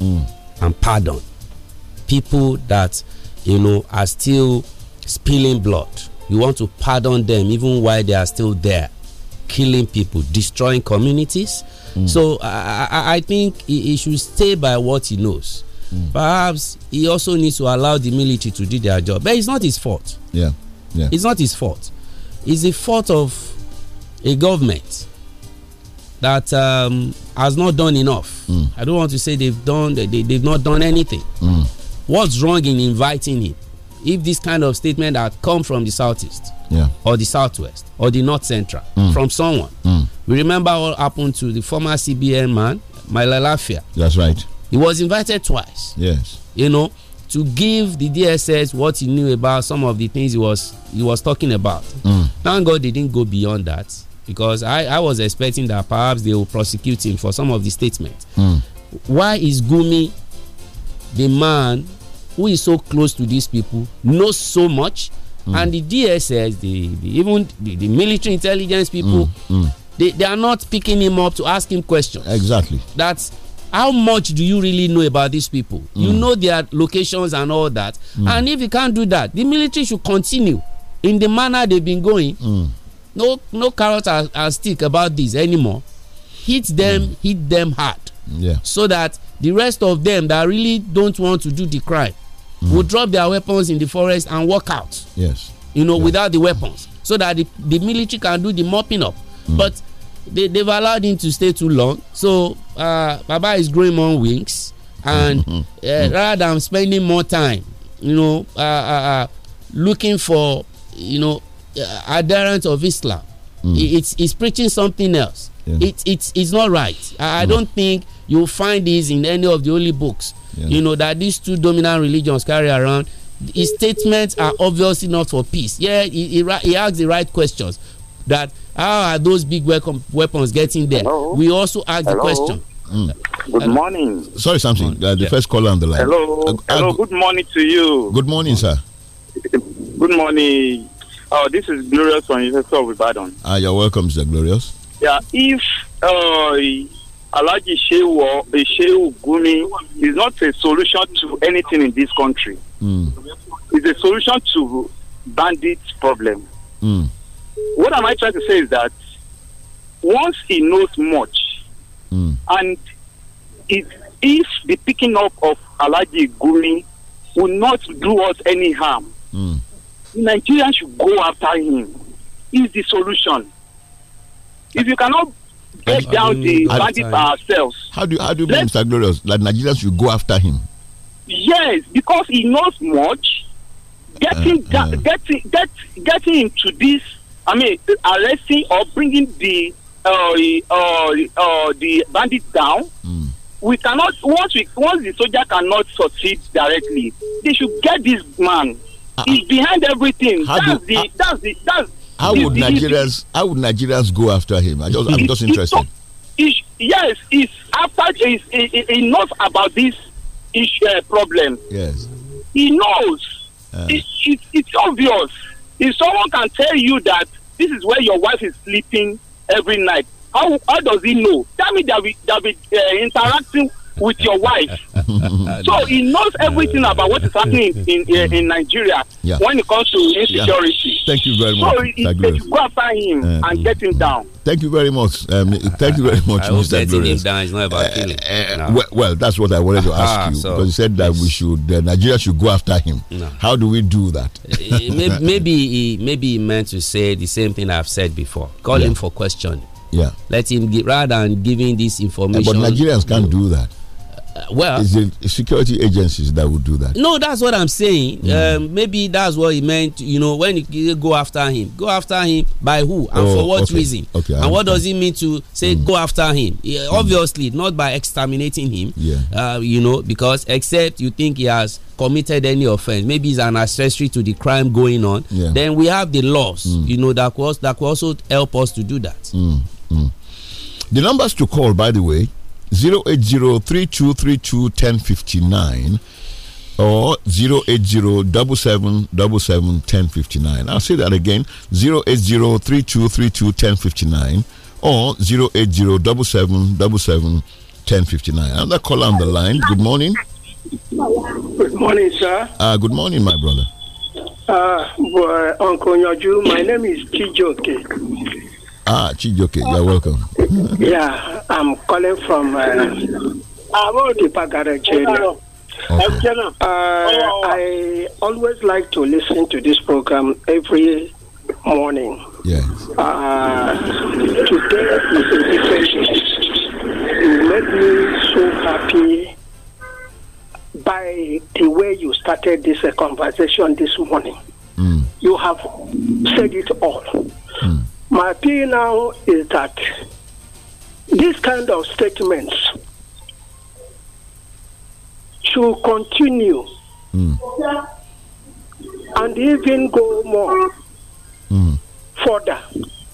mm. and pardon people that you know are still spilling blood you want to pardon them even while they are still there killing people destroying communities mm. so I, I, I, think he, should stay by what he knows mm. perhaps he also needs to allow the military to do their job but it's not his fault yeah yeah it's not his fault it's the fault of a government that um, has not done enough. Mm. I don't want to say they've done they, they've not done anything. Mm. What's wrong in inviting it? If this kind of statement had come from the southeast, yeah. or the southwest, or the north central, mm. from someone, mm. we remember what happened to the former CBN man, Lafia. That's right. He was invited twice. Yes. You know, to give the DSS what he knew about some of the things he was he was talking about. Mm. Thank God they didn't go beyond that because I, I was expecting that perhaps they will prosecute him for some of the statements. Mm. Why is Gumi the man who is so close to these people, knows so much, mm. and the DSS, the, the even the, the, military intelligence people, mm. They, they are not picking him up to ask him questions. Exactly. That's how much do you really know about these people? You hmm. know their locations and all that. Hmm. And if you can't do that, the military should continue in the manner they've been going no no carrot and, stick about this anymore hit them mm. hit them hard yeah. so that the rest of them that really don't want to do the crime mm. will drop their weapons in the forest and walk out yes you know yeah. without the weapons so that the, the military can do the mopping up mm. but they, they've allowed him to stay too long so uh, baba is growing more wings and -hmm. uh, mm. rather than spending more time you know uh, uh, uh looking for you know uh, adherent of Islam. Mm. It's, it's preaching something else. Yeah. It, it's, it's not right. I, I mm. don't think you'll find this in any of the holy books. Yeah. You know, that these two dominant religions carry around. His statements are obviously not for peace. Yeah, he, he, he asks the right questions. That how are those big weapons getting there? Hello? We also ask Hello? the question. Mm. Good Hello. morning. Sorry, something. Uh, the yeah. first caller on the line. Hello. Uh, Hello. Uh, good morning to you. Good morning, sir. Good morning, Oh, this is Glorious from University of Ibadan. Ah, you're welcome, Mr. Glorious. Yeah, if uh, Alaji the uh, Shehu Gumi is not a solution to anything in this country, mm. it's a solution to bandits' problem. Mm. What am I trying to say is that once he knows much, mm. and it, if the picking up of Alaji Gumi will not do us any harm. Mm Nigerians should go after him. Is the solution. If you cannot break down the bandit by ourselves. How do you, how do you let, Mr. Glorious that Nigerians should go after him? Yes, because he knows much. Getting uh, uh, getting getting into this. I mean, arresting or bringing the uh, uh, uh the bandit down. Mm. We cannot once we once the soldier cannot succeed directly. They should get this man it's behind everything. How that's, do, the, I, that's the that's how would Nigerians how would Nigerians go after him? I just I'm just interested. It's, yes, it's after it's, it, knows about this issue uh, problem. Yes, he knows. Uh. It, it, it's obvious. If someone can tell you that this is where your wife is sleeping every night, how how does he know? That me that we that we uh, interacting with your wife. so he knows everything about what is happening in in, in Nigeria yeah. when it comes to insecurity. Yeah. Thank you very much. So go after him uh, and get him down. Thank you very much. Um, thank you very much, I Mr. Getting him down is not about killing. Uh, no. well, well, that's what I wanted to ask ah, you so because you said that we should uh, Nigeria should go after him. No. How do we do that? Eh, maybe maybe he, maybe he meant to say the same thing I've said before. Call yeah. him for question. Yeah. Let him rather than giving this information. Yeah, but Nigerians can't do that. Uh, well, is it security agencies that would do that? No, that's what I'm saying. Mm. Um, maybe that's what he meant. You know, when you go after him, go after him by who and oh, for what okay. reason? Okay, and what does it mean to say mm. go after him? Yeah, mm. obviously, mm. not by exterminating him. Yeah. Uh, you know, because except you think he has committed any offense, maybe he's an accessory to the crime going on. Yeah. Then we have the laws. Mm. You know that was that could also help us to do that. Mm, the numbers to call, by the way, 080-3232-1059 or 08077771059. I'll say that again 080-3232-1059 or 08077771059. Another caller on the line. Good morning. Good morning, sir. Uh, good morning, my brother. Uh, boy, Uncle Yaju, my name is Kijoke. Ah, Chijoke, you're welcome. yeah, I'm calling from uh, Abodipagara, Nigeria. Okay. Uh, I always like to listen to this program every morning. Yes. Uh, today is a different You made me so happy by the way you started this uh, conversation this morning. Mm. You have said it all. Mm. My appeal now is that this kind of statements should continue mm. and even go more mm. further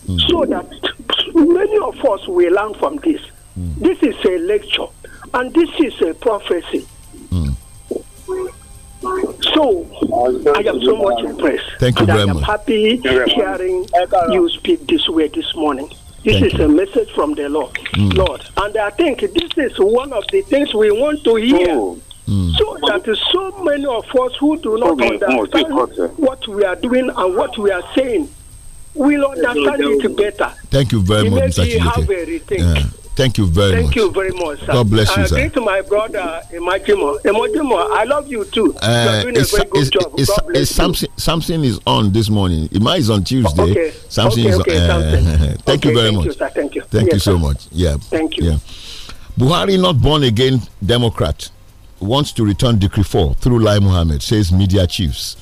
mm. so that many of us will learn from this. Hmm. This is a lecture and this is a prophecy. So I am so much impressed. Thank you very much. I'm happy hearing you speak this way this morning. This Thank is you. a message from the Lord. Mm. Lord, and I think this is one of the things we want to hear. Oh. Mm. So that so many of us who do not understand what we are doing and what we are saying will understand it better. Thank you very much, Mr. Thank you very Thank much. Thank you very much, sir. God bless you, uh, sir. to my brother, Imajimo. Imajimo, I love you too. Uh, You're doing a very good job. It's, God bless Samson, is on this morning. Ima is on Tuesday. Okay. Samson okay, is okay, on. Uh, Thank okay, you very thank much. You, sir. Thank you. Thank yes, you so sir. much. Yeah. Thank you. Yeah. Buhari, not born again Democrat, wants to return Decree 4 through Lai Mohammed, says media chiefs.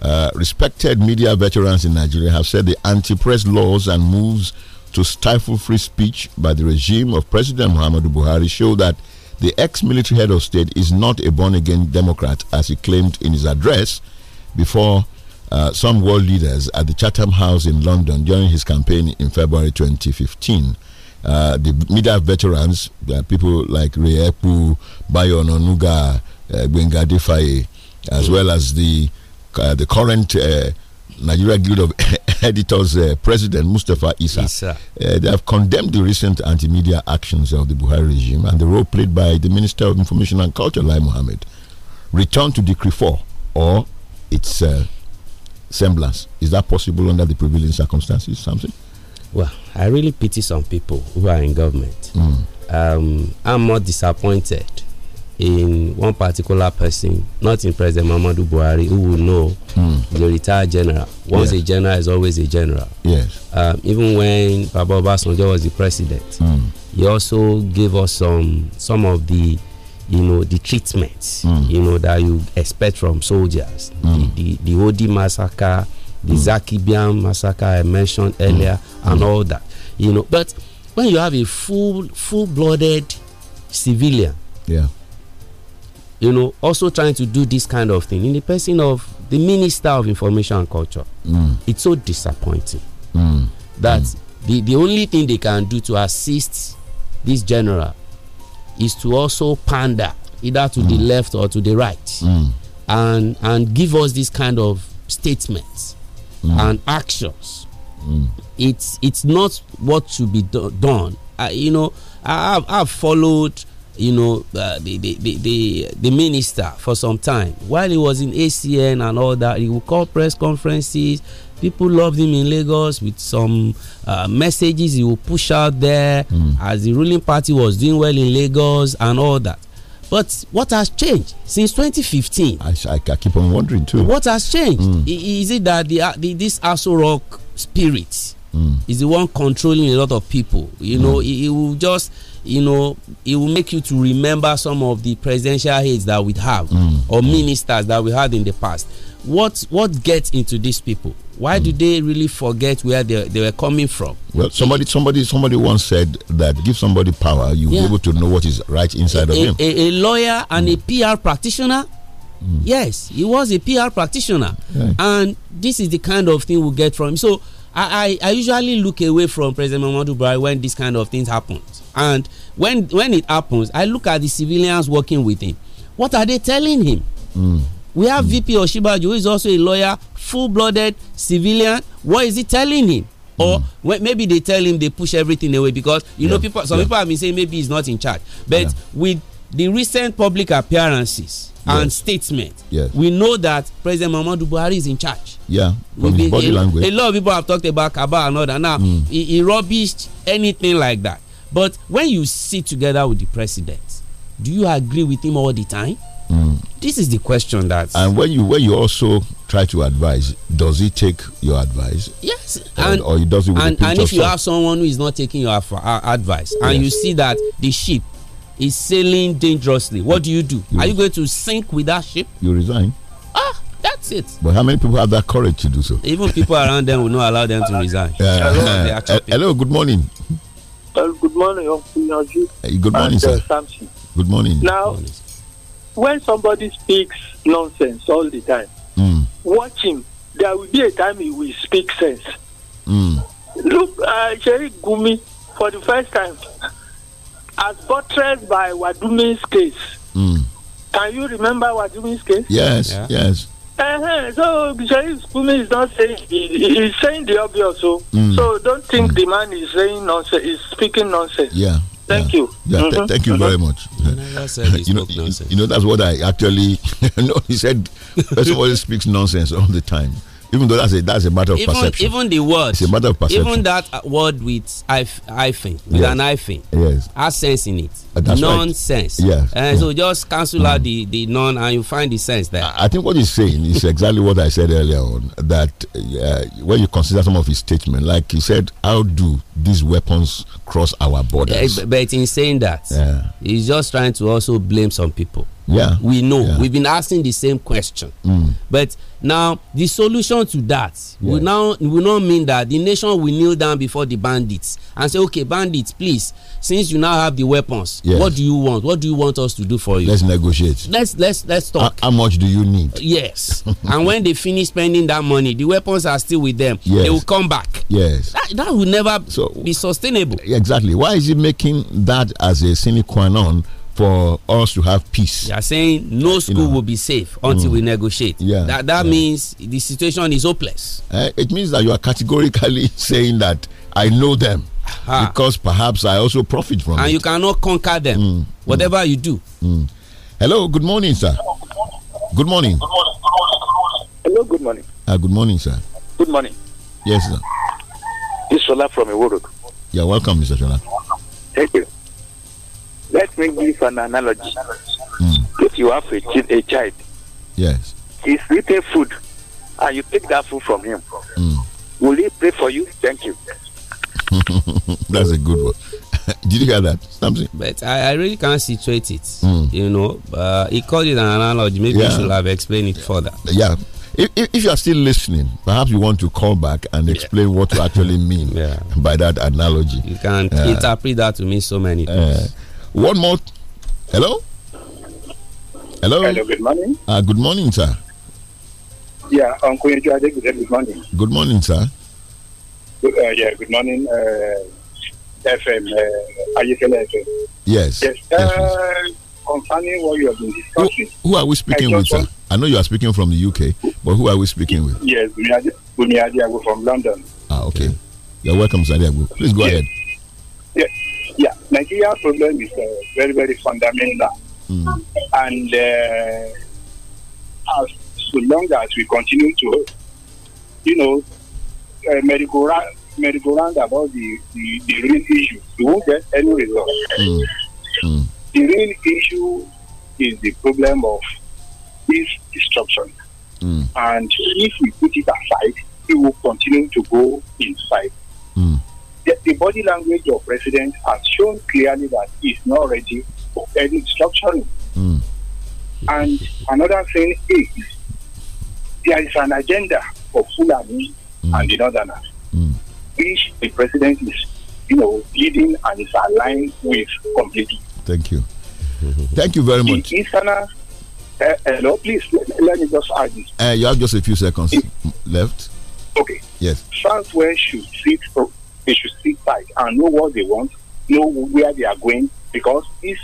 Uh, respected media veterans in Nigeria have said the anti press laws and moves to stifle free speech by the regime of President Muhammadu Buhari show that the ex military head of state is not a born again Democrat, as he claimed in his address before uh, some world leaders at the Chatham House in London during his campaign in February 2015. Uh, the media veterans, uh, people like Reepu, Bayo Nonuga, uh, Gwenga as well as the, uh, the current uh, Nigeria Guild of Editors uh, President Mustafa Issa, Issa. Uh, they have condemned the recent anti-media actions of the Buhari regime and the role played by the Minister of Information and Culture, Lai Mohammed. Return to Decree 4 or its uh, semblance. Is that possible under the prevailing circumstances, Something. Well, I really pity some people who are in government. Mm. Um, I'm more disappointed in one particular person, not in President Muhammadu Buhari, who will know mm. the retired general. Once yes. a general is always a general. Yes. Um, even when Baba Obasanjo was the president, mm. he also gave us some some of the you know the treatments mm. you know that you expect from soldiers. Hmm. The, the the Odi massacre, the hmm. Zaki Biam massacre I mentioned earlier, hmm. and all that. You know, but when you have a full full blooded civilian. Yeah you know, also trying to do this kind of thing in the person of the Minister of Information and Culture. Mm. It's so disappointing mm. that mm. The, the only thing they can do to assist this general is to also pander either to the mm. left or to the right mm. and, and give us this kind of statements mm. and actions. It's, it's not what should be do done. I, you know, I, I've, I've followed you know, uh, the, the, the, the, minister for some time. While he was in ACN and all that, he would call press conferences. People loved him in Lagos with some uh, messages he would push out there mm. as the ruling party was doing well in Lagos and all that. But what has changed since 2015? I, I, keep on wondering too. What has changed? Mm. Is it that the, uh, the this Aso Rock spirit mm. is the one controlling a lot of people? You hmm. know, he will just you know it will make you to remember some of the presidential aides that we have mm. or ministers that we had in the past what what gets into these people why mm. do they really forget where they, they were coming from well somebody somebody somebody once said that give somebody power you'll yeah. be able to know what is right inside a, of him a, a lawyer and mm. a pr practitioner mm. yes he was a pr practitioner okay. and this is the kind of thing we get from him so I, I, I usually look away from President Muhammadu Buhari when this kind of things happen. And when when it happens, I look at the civilians working with him. What are they telling him? Mm. We have mm. VP Oshibaju, who is also a lawyer, full-blooded civilian. What is he telling him? or hmm. maybe they tell him they push everything away because you yeah. know people some yeah. people have been saying maybe he's not in charge but yeah. with the recent public appearances yes. and statements, yes. we know that President Muhammadu Buhari is in charge. Yeah, from his body a, language. A lot of people have talked about Kaba and all that. Now, mm. he, he rubbished anything like that. But when you sit together with the president, do you agree with him all the time? Mm. This is the question that. And when you when you also try to advise, does he take your advice? Yes, or, and or he does it with and, and if you have someone who is not taking your uh, advice, and yes. you see that the sheep is sailing dangerously what do you do you are you going to sink with that ship you resign ah that's it but how many people have that courage to do so even people around them will not allow them to resign uh, hello. Eh, hello good morning well, uh, good morning Hey, eh, good morning and, uh, sir Samson. good morning now good morning. when somebody speaks nonsense all the time mm. watch him there will be a time he will speak sense mm. look uh, Sherry Gumi for the first time as portrayed by Wadumi's case. Mm. Can you remember Wadumi's case? Yes, yeah. yes. Uh -huh. So Bishop Kumi is not saying he's saying the obvious. So, oh. mm. so don't think mm. the man is saying nonsense. He's speaking nonsense. Yeah. Thank yeah. you. Yeah, mm -hmm. th mm-hmm. thank you very much. you, know, you, you know, that's what I actually. no, he said. First of all, he speaks nonsense all the time even though that's a that's a matter of even, perception. Even the word, it's a matter of perception. Even that word with hyphen, with yes. an hyphen, yes, has sense in it. Uh, that's nonsense. Right. Yeah. Uh, So mm. just cancel mm. out the, the non and you find the sense there. I, I think what he's saying is exactly what I said earlier on that uh, when you consider some of his statements, like he said, how do these weapons cross our borders? Yeah, but in saying that, yeah. he's just trying to also blame some people. Yeah. We know. Yeah. We've been asking the same question. Mm. But now the solution to that yes. will now will not mean that the nation will kneel down before the bandits and say, okay, bandits, please since you now have the weapons yes. what do you want what do you want us to do for you let's negotiate let's let's let's talk how, how much do you need yes and when they finish spending that money the weapons are still with them yes. they will come back yes that, that will never so, be sustainable eh, exactly why is he making that as a sine qua non for us to have peace. They are saying no school you know. will be safe until mm. we negotiate. Yeah, that that yeah. means the situation is hopeless. Uh, it means that you are categorically saying that I know them because perhaps I also profit from and it. And you cannot conquer them, mm. mm whatever mm. you do. Mm. Hello, good morning, sir. Good morning. Hello, good morning. Ah, good morning, sir. Good morning. Yes, sir. This is Shola from Iwodo. You're yeah, welcome, Mr. Shola. Thank you. Let me give an analogy. Mm. If you have a, a child, yes, he's eating food, and you take that food from him, mm. will he pray for you? Thank you. That's a good one. Did you hear that? Something. But I, I really can't situate it. Mm. You know, uh, he called it an analogy. Maybe yeah. should have explained it further. Yeah. If, if, you are still listening, perhaps you want to call back and explain yeah. what you actually mean yeah. by that analogy. You can uh, interpret that to mean so many things. Uh, one more. Hello? Hello? Hello, good morning. Uh, good morning, sir. Yeah, Uncle Ijade, good morning. Good morning, sir. Good, uh, yeah, good morning, uh, FM, uh, IFL FM. Yes. Yes. yes uh, concerning what you have been discussing. Who, who are we speaking with, sir? I know you are speaking from the UK, but who are we speaking with? Yes, Bumi Adiago from London. Ah, okay. You're welcome, Mr. Adiago. Please go yes. ahead. Yeah. yeah, Nigeria's problem is uh, very, very fundamental. Mm. And uh, as so long as we continue to, you know, uh, eh, merry-go-round merry-go-round about the, the, the real issue, you won't get any result. Mm. Mm. The real issue is the problem of this destruction. Mm. And if we put it aside, it will continue to go inside. Mm. The, the, body language of president has shown clearly that he's not ready for any structuring. Mm. And another thing is there is an agenda for Fulani Mm. and the northerners, mm. which the president is, you know, leading and is aligned with completely. Thank you. Thank you very much. The easterners, uh, hello, please let, let, me just add this. Uh, you have just a few seconds it, left. Okay. Yes. Southwest should sit. Oh, they should sit tight and know what they want, know where they are going, because if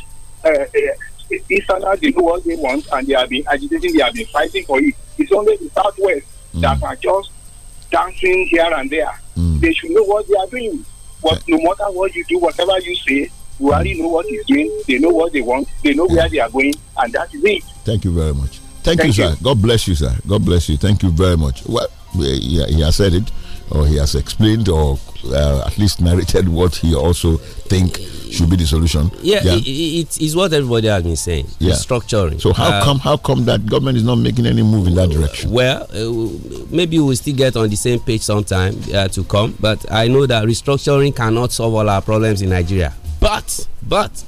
eh, Easterners they know what they want and they have been agitating, they have been fighting for it. It's only the Southwest mm. that are just dancing here and there. Mm. They should know what they are doing. But yeah. no matter what you do, whatever you say, you already know what he's doing. They know what they want. They know yeah. where they are going, and that is it. Thank you very much. Thank, Thank you, you, sir. God bless you, sir. God bless you. Thank you very much. Well, yeah, he has said it or he has explained or uh, at least narrated what he also think should be the solution. Yeah, yeah. It, it is what everybody has been saying. Yeah. Structuring. So how uh, come how come that government is not making any move in that uh, direction? Well, uh, maybe we will still get on the same page sometime uh, to come. But I know that restructuring cannot solve all our problems in Nigeria. But but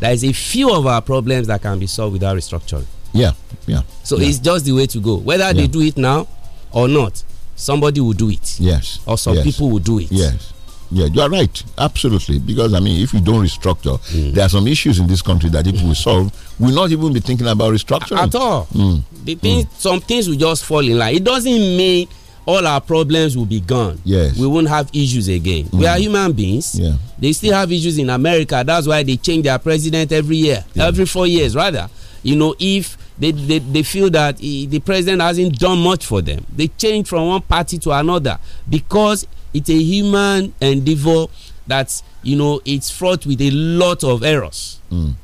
there is a few of our problems that can be solved without restructuring. Yeah, yeah. So yeah. it's just the way to go. Whether yeah. they do it now or not, somebody will do it. Yes. Or some yes. people will do it. Yes. Yeah, you are right. Absolutely. Because, I mean, if you don't restructure, mm. there are some issues in this country that if we solve, we'll not even be thinking about restructuring. At all. Mm. The hmm. thing, mm. Some things will just fall in line. It doesn't mean all our problems will be gone. Yes. We won't have issues again. We are hmm. human beings. Yeah. They still have issues in America. That's why they change their president every year, yeah. every four years, rather. You know, if they, they, they feel that he, the president hasn't done much for them. They change from one party to another because it's a human endeavor that, you know, it's fraught with a lot of errors. Mm.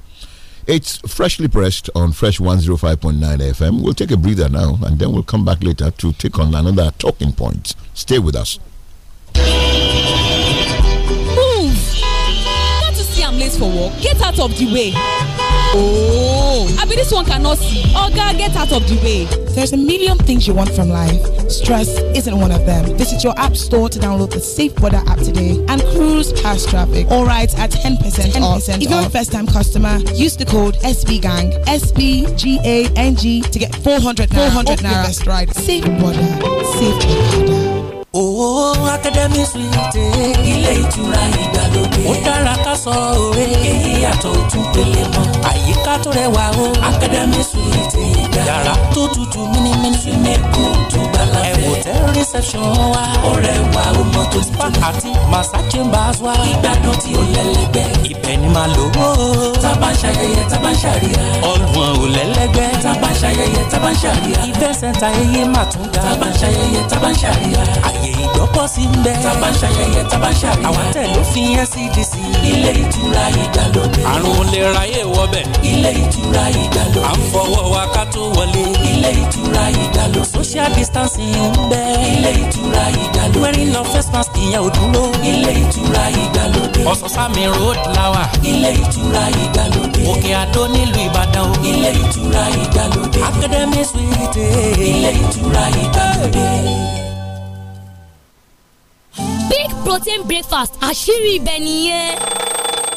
It's freshly pressed on Fresh 105.9 FM. We'll take a breather now and then we'll come back later to take on another talking point. Stay with us. Move! Want to see I'm late for work? Get out of the way. Oh. I bet this one cannot see. Oh God, get out of the way. There's a million things you want from life. Stress isn't one of them. Visit your app store to download the Safe Border app today and cruise past traffic. All at 10%, 10% off. If you're a first time customer, use the code SBGANG, SBGANG to get 400 naira. 400 naira. Best ride. Safe Border. Safe Border. Owó Akademi Suite. Ilé ìtura ìgbàlódé. Ó dára ká sọ òwe. Èyí yàtọ̀ ojú pele mọ́. Àyíká tó rẹwà o. Akademi Suite ìgbà. Yàrá tó tutù mímímí. Súnmẹ́kù tó gbala fẹ́. Ẹ̀wòtẹ́ reception wa. Ọ̀rẹ́ wa ó mọ tó ti tó. Àti Massa Chambers wa. Ìgbádùn tí ó lẹ́lẹ́gbẹ́. Ibẹ̀ ni màá lò ó. Tábà ń ṣayẹyẹ, tábà ń ṣàríyá. Ọlùwọ̀n ò lẹ́lẹ́gbẹ́. Tábà ń ṣayẹyẹ, tábà ń ṣàríyá. Ìfẹsẹ̀ta ẹyẹ mà ààyè ìgbọ́kọ̀sí ń bẹ. tá a bá ń ṣayẹyẹ tá a bá ń ṣàríyá. àwọn tẹ̀ ló fi NCDC. E ilé ìtura ìdàlódé. àrùn olè ráyè wọbẹ̀. ilé ìtura ìdàlódé. à ń fọwọ́ wa ká tó wọlé. ilé ìtura ìdàlódé. social distancing ń bẹ. ilé ìtura ìdàlódé. wearing no face mask ìyẹn ò dúró. ilé ìtura ìdàlódé. ọ̀sánsámi road lawa. ilé ìtura ìdàlódé. òkè àdó nílùú ìbàdàn o. ilé ìtura ìdàlódé. academy suite. ilé ìtura ìdàlódé big protein breakfast àṣírí ibẹ̀ nìyẹn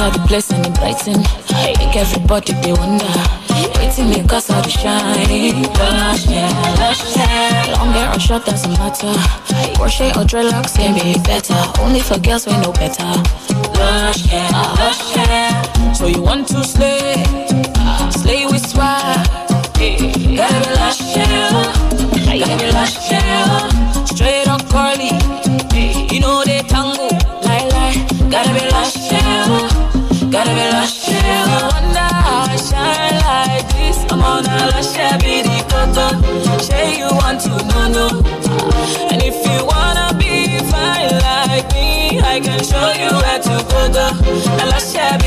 all the blessing and brighten. Make everybody they wonder. Waiting me cause i the shine. Lush, yeah, lush, yeah. Long hair or short doesn't matter. Crochet or dreadlocks can be better. Only for girls we know better. Lush, yeah, lush, yeah. So you want to slay? Ah, slay with swag. Gotta be lush, yeah. Gotta be lush, yeah. Straight or curly. You know they tango. Lie, lie. Gotta be wanna I shine like this. I'm on a the Say you want to know, And if you wanna be fine like me, I can show you where to go, A lush, yeah,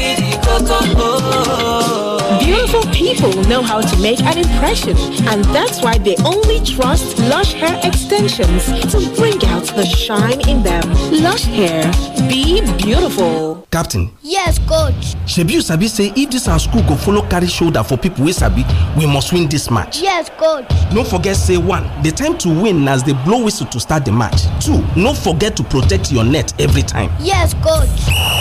Oh. Powerful people know how to make an impression, and that's why they only trust Lush Hair Extensions to bring out the shine in them. Lush Hair, be beautiful. Captain. Yes, coach. Shebi you sabi say if this our school go follow carry shoulder for people We sabi, we must win this match. Yes, coach. No forget say one, the time to win as they blow whistle to start the match. Two, no forget to protect your net every time. Yes, coach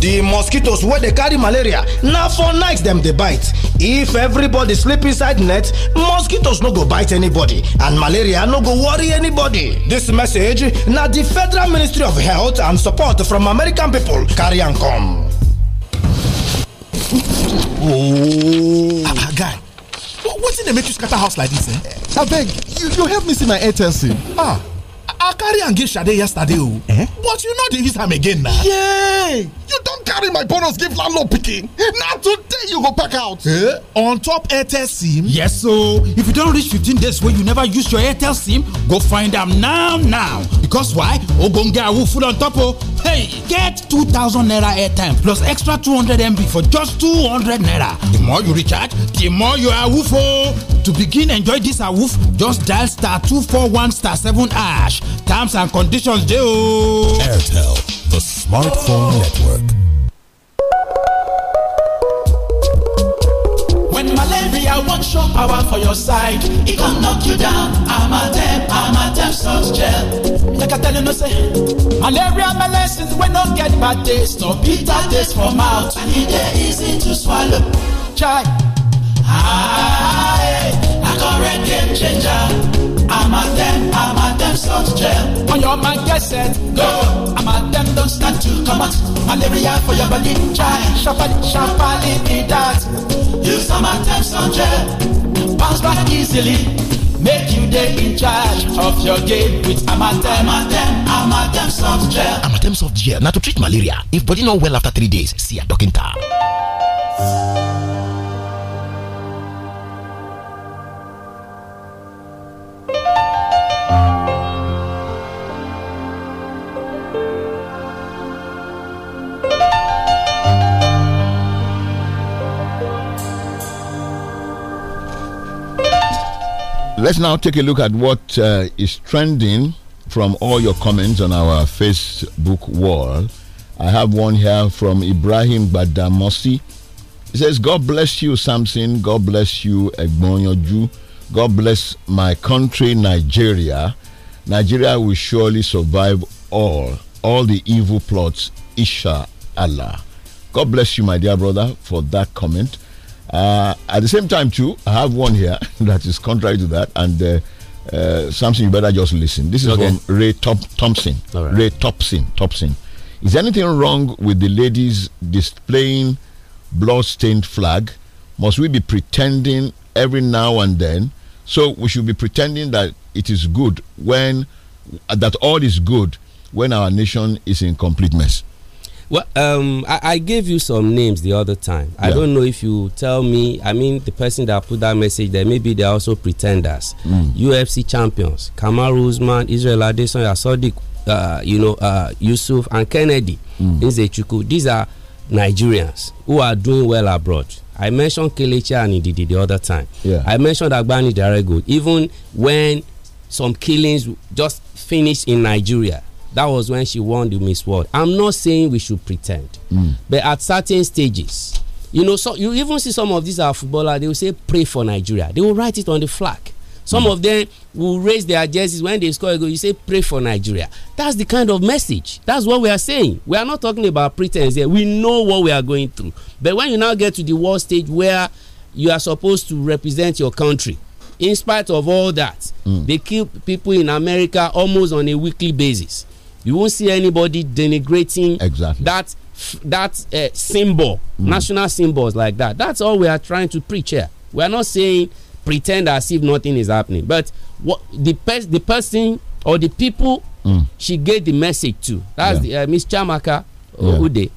the mosquitoes wey dey carry malaria na for night dem dey bite if everybody sleep inside net mosquitoes no go bite anybody and malaria no go worry anybody dis message na di federal ministry of health and support from american pipo carry am come. ooooooo oh. ah, ah, guy wetin dey make you scatter house like dis eh? abeg you you help me see my airtel sim ah i carry and give shade yesterday o oh. eh but you no dey use am again na yeah you don't carry my bonus give landlord picking. Now today you go pack out eh on top airtel sim yes So if you don't reach fifteen days where you never use your airtel sim go find am now now because why ogbonge awu full on top Oh, hey get two thousand naira airtime plus extra two hundred mb for just two hundred naira the more you recharge the more you are woof. Oh. to begin enjoy this awoof just dial star two four one star seven ash. terms and conditions dey o. airtel the smartphone oh. network. when malaria wan show power for your side e come knock you down amatem amatem salt gel like i tell you no say malaria medicine wey no get bad taste or bitter taste for mouth and e dey easy to swallow chai ah, sọ̀rẹ́ game changer. Amatem, Amatem salt gel. On your mind, get set, go. I'm don't start to come out. Malaria for your body, try. Sharply, sharply be that. Use Amatem salt gel. Bounce back easily. Make you day in charge of your game with Amatem. Amatem, Amatem soft gel. Amatem soft gel. Now to treat malaria. If body not well after three days, see a doctor. Let's now take a look at what uh, is trending from all your comments on our Facebook wall. I have one here from Ibrahim Badamosi. He says, God bless you, Samson. God bless you, Egbonyoju. God bless my country, Nigeria. Nigeria will surely survive all, all the evil plots, Isha Allah. God bless you, my dear brother, for that comment. Uh, at the same time, too, I have one here that is contrary to that, and uh, uh, something you better just listen. This is okay. from Ray Top Thompson. Right. Ray Thompson. Thompson. Is anything wrong with the ladies displaying blood-stained flag? Must we be pretending every now and then? So we should be pretending that it is good when that all is good when our nation is in complete mess. Well, um, I, I, gave you some names the other time. Yeah. I don't know if you tell me. I mean, the person that put that message there, maybe they're also pretenders. Mm. UFC champions, Kamaru Usman, Israel Adesanya, Sadiq, uh, you know, uh, Yusuf and Kennedy, mm. These are Nigerians who are doing well abroad. I mentioned Kelechi and Ndidi the other time. Yeah. I mentioned Agbani Darego. Even when some killings just finished in Nigeria, that was when she won the Miss World. I'm not saying we should pretend, mm. but at certain stages, you know, so you even see some of these are uh, footballers. They will say, "Pray for Nigeria." They will write it on the flag. Some mm. of them will raise their jerseys when they score a goal. You say, "Pray for Nigeria." That's the kind of message. That's what we are saying. We are not talking about pretense here. We know what we are going through. But when you now get to the world stage where you are supposed to represent your country, in spite of all that, mm. they kill people in America almost on a weekly basis you won't see anybody denigrating exactly that that uh, symbol, mm. national symbols like that. That's all we are trying to preach here. We are not saying pretend as if nothing is happening, but what the the person or the people mm. she gave the message to. That's yeah. uh, Miss Chamaka yeah. Ude.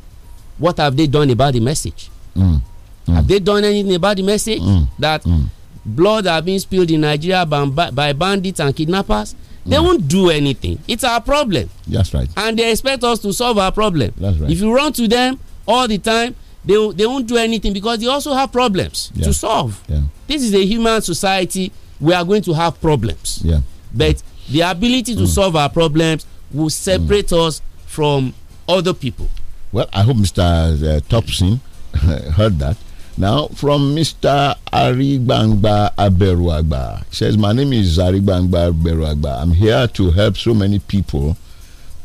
What have they done about the message? Mm. mm. Have they done anything about the message mm. that mm. blood have been spilled in Nigeria by, by bandits and kidnappers? They mm. won't do anything. It's our problem. That's right. And they expect us to solve our problem. That's right. If you run to them all the time, they, they won't do anything because they also have problems yeah. to solve. Yeah. This is a human society. We are going to have problems. Yeah. But the ability to mm. solve our problems will separate mm. us from other people. Well, I hope Mr. Uh, Thompson heard that now, from Mr. Arigbangba Aberuagba, says, My name is Arigbangba Aberuagba. I'm here to help so many people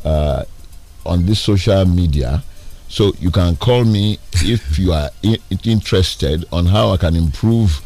uh, on this social media. So you can call me if you are interested on how I can improve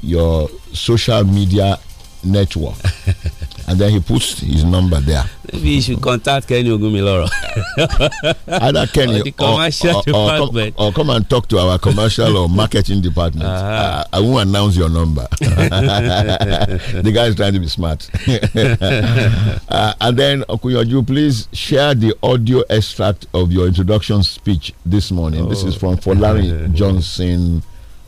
your social media network. and then he puts his number there. Maybe you should contact Kenny Ogumiloro. Either Kenny or, or, or, or, or come, and talk to our commercial or marketing department. Uh, I, I won't announce your number. the guy is trying to be smart. Uh, and then, Okuyoju, please share the audio extract of your introduction speech this morning. Oh. This is oh. from Folari Johnson.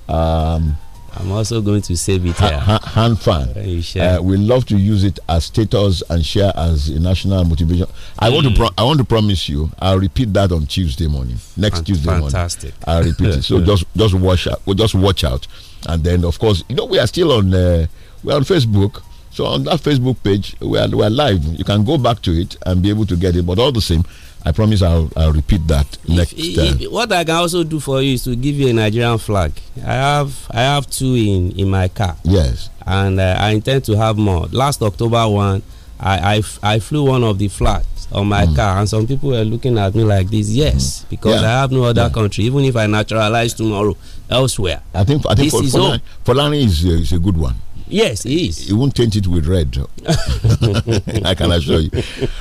Um, I'm also going to save it ha ha hand fan. Uh, we love to use it as status and share as a national motivation. I mm. want to mm. I want to promise you. I'll repeat that on Tuesday morning. Next Fant Tuesday fantastic. morning. Fantastic. I'll repeat it. So just just watch out. Just watch out. And then of course, you know we are still on uh, we're on Facebook. So on that Facebook page, we are, we are live. You can go back to it and be able to get it. But all the same, I promise I'll, I'll repeat that if, next if, what I can also do for you is to give you a Nigerian flag. I have I have two in in my car. Yes. And uh, I intend to have more. Last October one, I I, I flew one of the flags on my mm. car, and some people were looking at me like this. Yes, mm. because yeah. I have no other yeah. country. Even if I naturalize tomorrow elsewhere, I think I think this for, is for, Lani, for Lani is, uh, is a good one. Yes, he is. He won't taint it with red. I can assure you.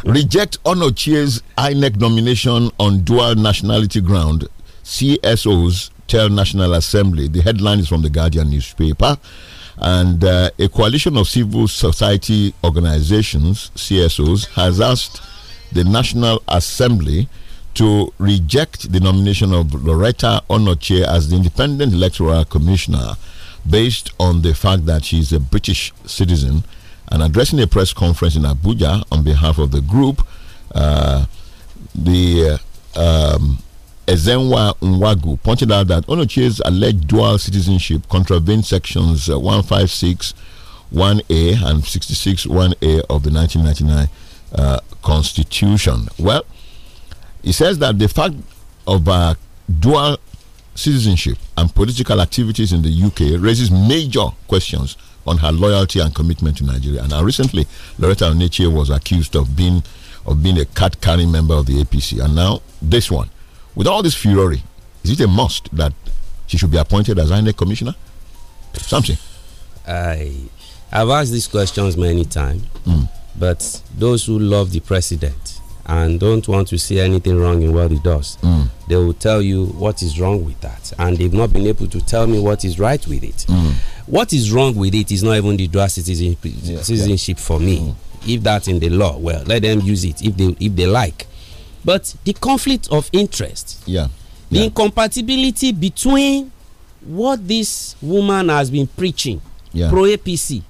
Reject Onochie's INEC nomination on dual nationality ground. CSOs tell National Assembly. The headline is from the Guardian newspaper. And uh, a coalition of civil society organizations, CSOs, has asked the National Assembly to reject the nomination of Loretta Onochie as the Independent Electoral Commissioner based on the fact that she is a British citizen. And addressing a press conference in Abuja on behalf of the group, uh, the uh, um, Ezenwa Nwagu pointed out that Onoche's alleged dual citizenship contravenes sections uh, 156, 1A, and 66, 1A of the 1999 uh, Constitution. Well, he says that the fact of uh, dual citizenship and political activities in the UK raises major questions on her loyalty and commitment to Nigeria. And now recently, Loretta Onechie was accused of being of being a cat carrying member of the APC. And now this one, with all this fury, is it a must that she should be appointed as INEC commissioner? Something. I I've asked these questions many times, mm. but those who love the president and don't want to see anything wrong in what he does. Mm. They will tell you what is wrong with that, and they've not been able to tell me what is right with it. Mm. What is wrong with it is not even the dual citizenship, yeah, citizenship yeah. for me. Mm. If that's in the law, well, let them use it if they if they like. But the conflict of interest, yeah, the yeah. incompatibility between what this woman has been preaching, pro APC,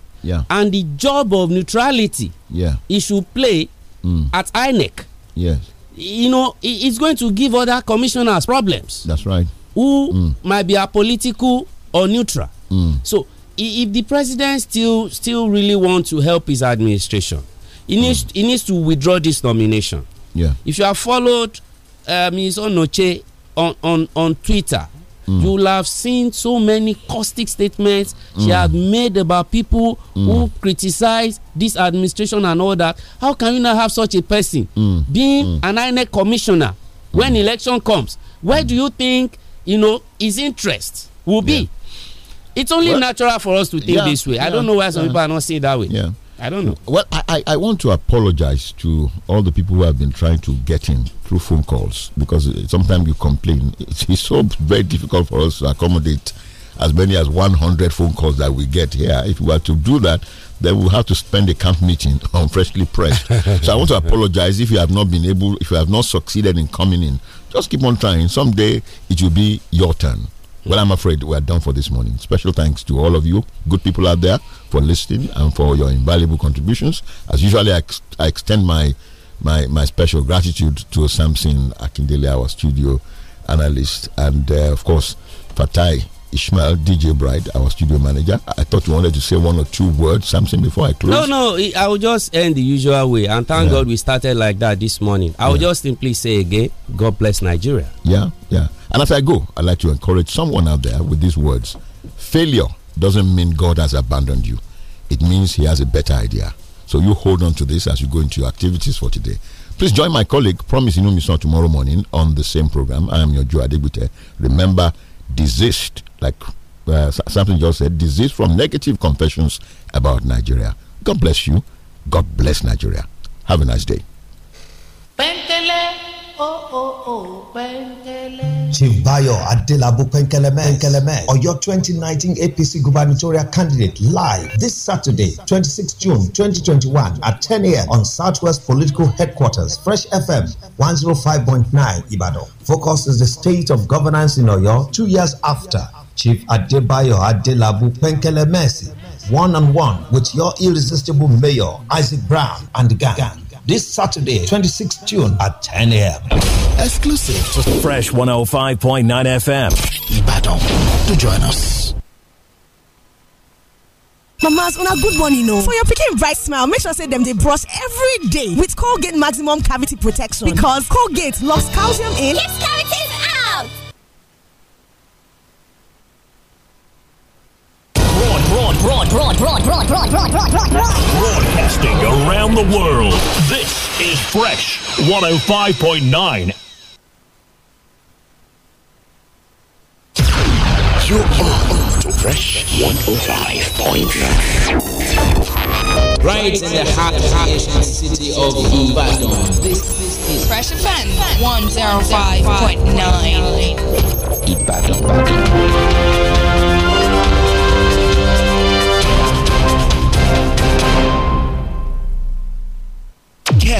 and the job of neutrality, yeah, he should play mm. at INEC. Yes. You know, it's going to give other commissioners problems. That's right. Who mm. might be a political or neutral. Mm. So if the president still still really wants to help his administration, he needs mm. he needs to withdraw this nomination. Yeah. If you have followed um, his own noche on on on Twitter, Mm. You'll have seen so many caustic statements mm. she had made about people mm. who criticize this administration and all that. How can you not have such a person mm. Mm. being an INEC commissioner when election comes? Where do you think you know his interest will be? Yeah. It's only well, natural for us to think yeah, this way. Yeah, I don't know why some people are not saying that way. Yeah. I don't know. Well, I, I, want to apologize to all the people who have been trying to get in through phone calls because sometimes you complain. It's, it's so very difficult for us to accommodate as many as 100 phone calls that we get here. If we were to do that, then we'll have to spend a camp meeting on freshly pressed. so I want to apologize if you have not been able, if you have not succeeded in coming in. Just keep on trying. Someday it will be your turn. Well, I'm afraid we are done for this morning. Special thanks to all of you, good people out there, for listening and for your invaluable contributions. As usually, I, ex I extend my, my my special gratitude to Samson Akindele, our studio analyst, and uh, of course, Fatai Ishmael, DJ Bride, our studio manager. I thought you wanted to say one or two words, Samson, before I close. No, no, I will just end the usual way. And thank yeah. God we started like that this morning. I will yeah. just simply say again, God bless Nigeria. Yeah, yeah. And as I go, I'd like to encourage someone out there with these words failure doesn't mean God has abandoned you, it means He has a better idea. So you hold on to this as you go into your activities for today. Please join my colleague, Promise Inumison, tomorrow morning on the same program. I am your Joe Adegbite. Remember, desist, like uh, something just said, desist from negative confessions about Nigeria. God bless you. God bless Nigeria. Have a nice day. Pentele. Oh, oh, oh, Chibayo Adelabu Penkeleme or your 2019 APC gubernatorial candidate live this Saturday, 26 June 2021 at 10 a.m. on Southwest Political Headquarters, Fresh FM 105.9 Ibadan. Focus is the state of governance in Oyo two years after Chief Adebayo Adelabu Penkelemesi one on one with your irresistible mayor Isaac Brown and gang. gang this Saturday, 26th June at 10 a.m. Exclusive to Fresh 105.9 FM. Ibadan. To join us. Mamas, on a good morning, no. For your picking bright smile, make sure say them they brush every day with Colgate Maximum Cavity Protection because Colgate locks calcium in. broad, broad, broad, broad, broad, broad. Broadcasting around the world. This is Fresh 105.9. You are to Fresh 105.9. Right in the heart of the city of Ibadan. This is Fresh Offense 105.9. Ibadan.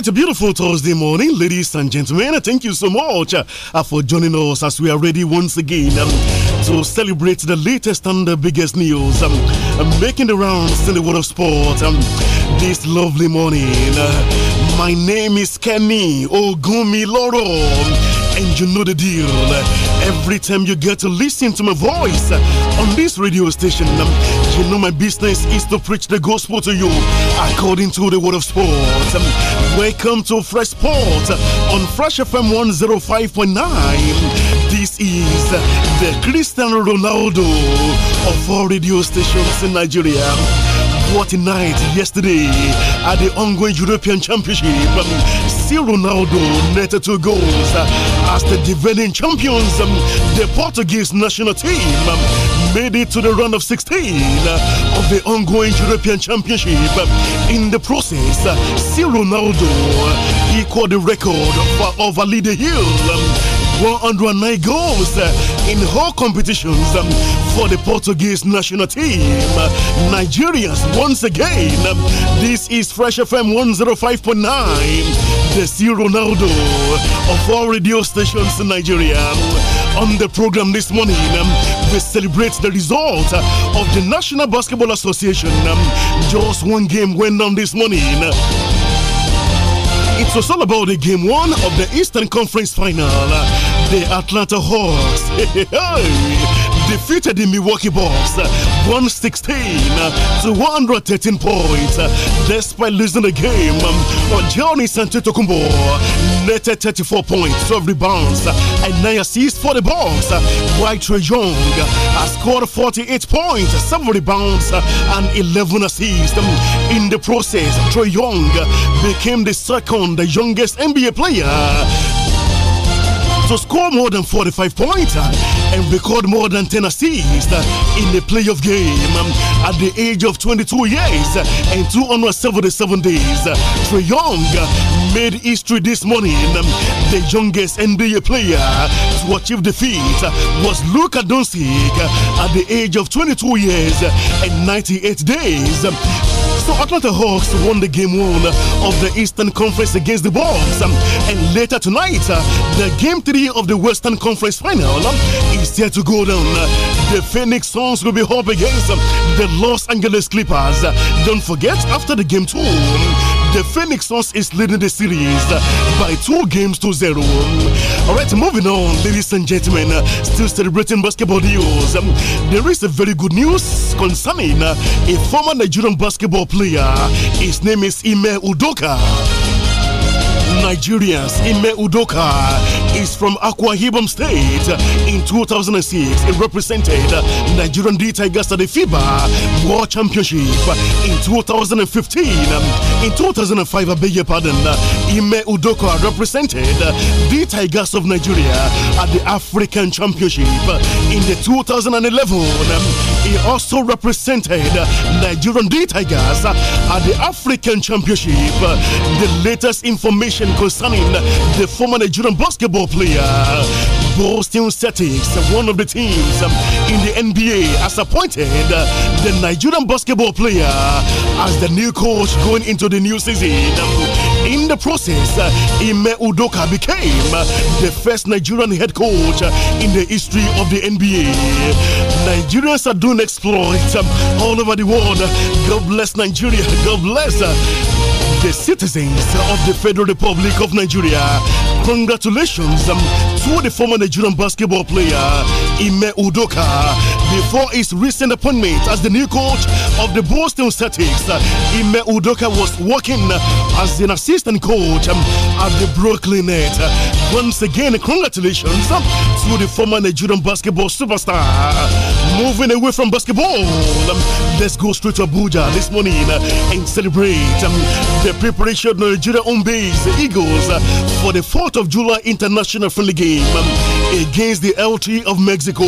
It's a beautiful Thursday morning, ladies and gentlemen. Thank you so much uh, for joining us as we are ready once again um, to celebrate the latest and the biggest news um, um making the rounds in the world of sport um, this lovely morning. Uh, my name is Kenny Ogumiloro, and you know the deal. Every time you get to listen to my voice uh, on this radio station, um, you know my business is to preach the gospel to you according to the word of sport. Um, welcome to Fresh Sport uh, on Fresh FM 105.9. This is uh, the Cristiano Ronaldo of all radio stations in Nigeria what a night yesterday at the ongoing European Championship. Um, Messi Ronaldo netted two goals as the defending champions, um, the Portuguese national team, um, made it to the round of 16 of the ongoing European Championship. In the process, C. Uh, Ronaldo uh, equaled the record for Valide Hill. Um, 109 goals uh, in all competitions for the Portuguese national team. Nigerians, once again, this is Fresh FM 105.9. Desi Ronaldo of all radio stations in Nigeria. On the program this morning, um, we celebrate the result of the National Basketball Association. Um, just one game went down this morning. It was all about the game one of the Eastern Conference Final. The Atlanta Hawks. defeated the Milwaukee Bucks uh, 116 uh, to 113 points uh, despite losing the game um, on Johnny Santokumbo netted 34 points 12 rebounds and 9 assists for the Bucks while Trey Young has scored 48 points 7 rebounds and 11 assists um, in the process Trey Young became the second youngest NBA player to score more than 45 points and record more than 10 assists in the playoff game um, at the age of 22 years and 277 days. Trey Young made history this morning. Um, the youngest NBA player to achieve the feat was Luka Doncic at the age of 22 years and 98 days. So Atlanta Hawks won the game one of the Eastern Conference against the Bulls. And later tonight, uh, the game three of the Western Conference final um, is set to go down. The Phoenix Suns will be up against um, the Los Angeles Clippers. Don't forget, after the game two, um, the Phoenix Suns is leading the series by two games to zero. All right, moving on, ladies and gentlemen. Still celebrating basketball news. There is a very good news concerning a former Nigerian basketball player. His name is Ime Udoka. Nigerians Ime Udoka is from Akwa Ibom State. In 2006, he represented Nigerian D Tigers at the FIBA World Championship. In 2015, in 2005, I beg your pardon, Ime Udoka represented the Tigers of Nigeria at the African Championship. In the 2011, he also represented Nigerian D Tigers at the African Championship. The latest information concerning the former Nigerian basketball player. Boston Celtics, one of the teams in the NBA, has appointed the Nigerian basketball player as the new coach going into the new season. In the process, Ime Udoka became the first Nigerian head coach in the history of the NBA. Nigerians are doing exploits all over the world. God bless Nigeria. God bless the citizens of the Federal Republic of Nigeria. Congratulations um, to the former Nigerian basketball player Ime Udoka before his recent appointment as the new coach of the Boston Celtics. Ime Udoka was working as an assistant coach um, at the Brooklyn Nets. Once again, congratulations um, to the former Nigerian basketball superstar. Moving away from basketball, um, let's go straight to Abuja this morning uh, and celebrate um, the preparation of Nigeria home base Eagles uh, for the 4th of July International Friendly Game um, against the LT of Mexico.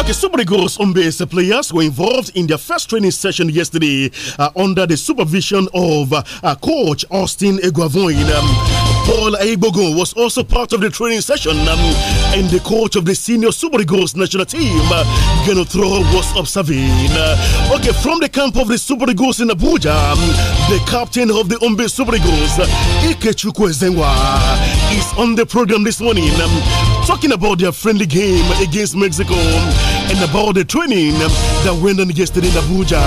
Okay, Super Eagles on base players were involved in their first training session yesterday uh, under the supervision of uh, coach Austin Eguavoin. Um, Paul Aibogo was also part of the training session um, and the coach of the senior Super Eagles national team, uh, Genotro, was observing. Uh, okay, from the camp of the Super Eagles in Abuja, um, the captain of the UMBE Super Eagles, uh, Ikechukwu Zengwa, is on the program this morning um, talking about their friendly game against Mexico um, and about the training um, that went on yesterday in Abuja.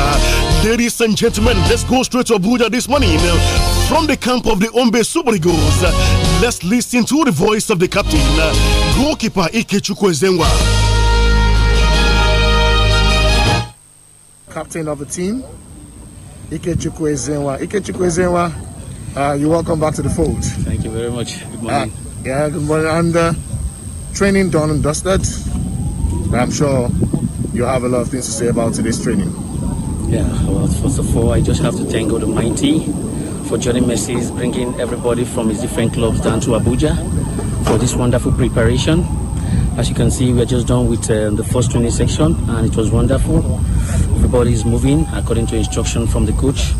Ladies and gentlemen, let's go straight to Abuja this morning from the camp of the Ombe Super Eagles. Let's listen to the voice of the captain, goalkeeper Ikechukwu Ezenwa. Captain of the team, Ikechukwu Ezenwa. Ikechukwu Ezenwa, uh, you're welcome back to the fold. Thank you very much. Good morning. Uh, yeah, good morning. And uh, training done and dusted. I'm sure you have a lot of things to say about today's training. Yeah, well, first of all, I just have to thank the mighty for Johnny Messi is bringing everybody from his different clubs down to Abuja for this wonderful preparation. As you can see, we're just done with uh, the first training section and it was wonderful. Everybody is moving according to instruction from the coach.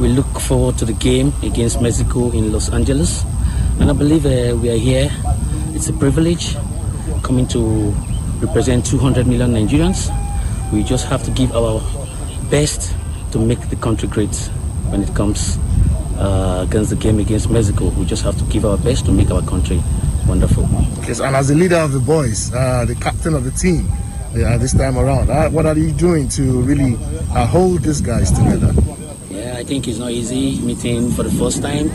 We look forward to the game against Mexico in Los Angeles. And I believe uh, we are here. It's a privilege coming to represent 200 million Nigerians. We just have to give our best to make the country great when it comes uh, against the game against Mexico. We just have to give our best to make our country wonderful. Yes, and as the leader of the boys, uh, the captain of the team yeah, this time around, uh, what are you doing to really uh, hold these guys together? Yeah, I think it's not easy meeting for the first time.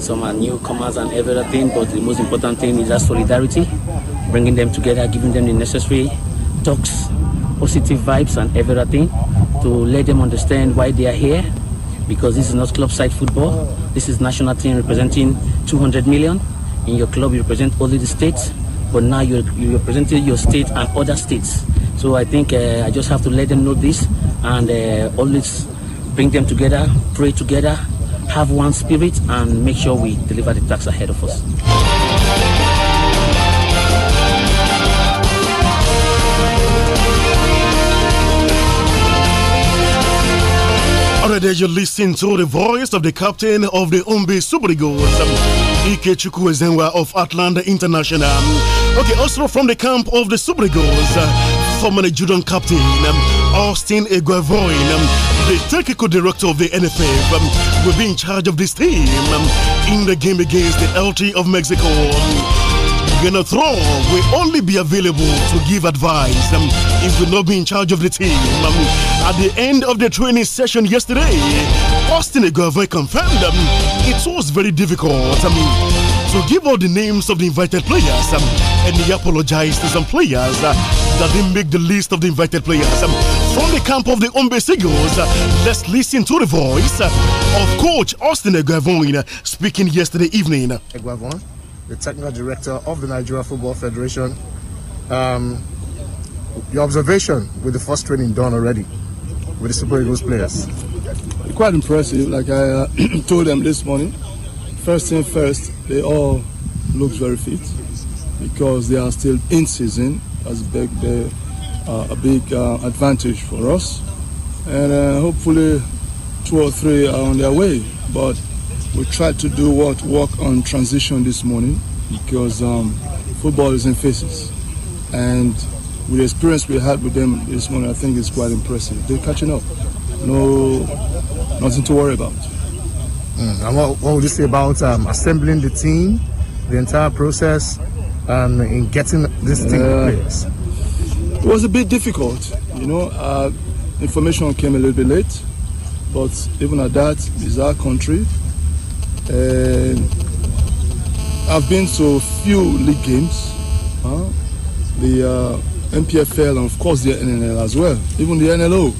Some are newcomers and everything, but the most important thing is that solidarity, bringing them together, giving them the necessary talks, positive vibes, and everything to let them understand why they are here because this is not club side football. This is national team representing 200 million. In your club, you represent only the state, but now you're, you're representing your state and other states. So I think uh, I just have to let them know this and uh, always bring them together, pray together, have one spirit, and make sure we deliver the tax ahead of us. Already you listen to the voice of the captain of the UMBI Super Eagles, um, Ike Chukwuezenwa of Atlanta International. Okay, also from the camp of the Super Eagles, uh, former Nigerian captain um, Austin Eguavoin um, the technical director of the NFF will be in charge of this team in the game against the LT of Mexico. Gennaro will only be available to give advice he will not be in charge of the team. at the end of the training session yesterday, Austin Agave confirmed um, it was very difficult. I mean, to give all the names of the invited players, um, and he apologized to some players uh, that didn't make the list of the invited players. Um, from the camp of the Ombe Seagulls, uh, let's listen to the voice uh, of Coach Austin Egavon speaking yesterday evening. Egavon, the technical director of the Nigeria Football Federation. Um, your observation with the first training done already with the Super Eagles players? Quite impressive. Like I uh, told them this morning, first thing first, they all look very fit because they are still in season. That's big, uh, a big uh, advantage for us. And uh, hopefully, two or three are on their way. But we tried to do what work on transition this morning because um, football is in phases. And with the experience we had with them this morning, I think it's quite impressive. They're catching up. No, nothing to worry about. Mm. And what, what would you say about um, assembling the team, the entire process, and um, in getting this team in uh, players? It was a bit difficult, you know. Uh, information came a little bit late, but even at that, it's our country. I've been to few league games. Huh? The uh, MPFL, and of course the NNL as well, even the NLO.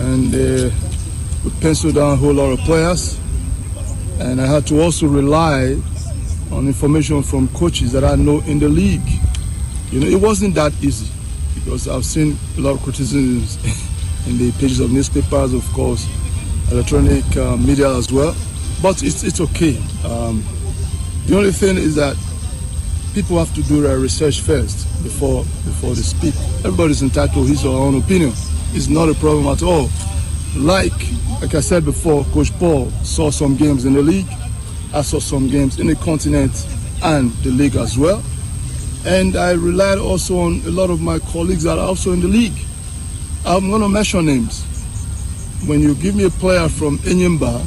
And uh, we penciled down a whole lot of players. And I had to also rely on information from coaches that I know in the league. You know, it wasn't that easy because I've seen a lot of criticisms in the pages of newspapers, of course, electronic uh, media as well. But it's, it's okay. Um, the only thing is that people have to do their research first before before they speak. Everybody's entitled to his or her own opinion. It's not a problem at all. Like like I said before, Coach Paul saw some games in the league. I saw some games in the continent and the league as well. And I relied also on a lot of my colleagues that are also in the league. I'm gonna mention names. When you give me a player from Enyimba,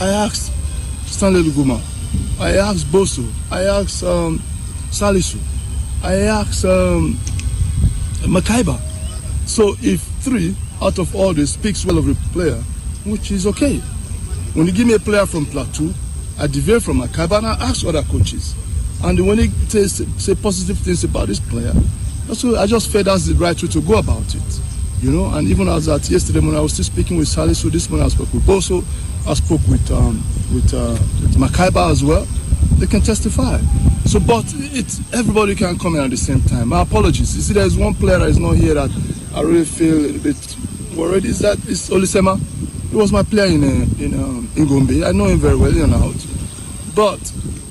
I asked Stanley Luguma, I asked Bosu, I asked um, Salisu. I asked um, Makaiba. So if three out of all this speaks well of the player, which is okay. When you give me a player from Plateau, I deviate from Makaiba and I ask other coaches. And when they say, say positive things about this player, so I just felt that's the right way to go about it. You know, and even as at yesterday when I was still speaking with Salisu, this morning I spoke with Boso, I spoke with um, with, uh, with Makaiba as well. They can testify. So, but it's everybody can come in at the same time. My apologies. You see, there's one player that is not here that I really feel a bit worried. Is that it's Olisema? He was my player in uh, in um, in Gombe. I know him very well in and out. But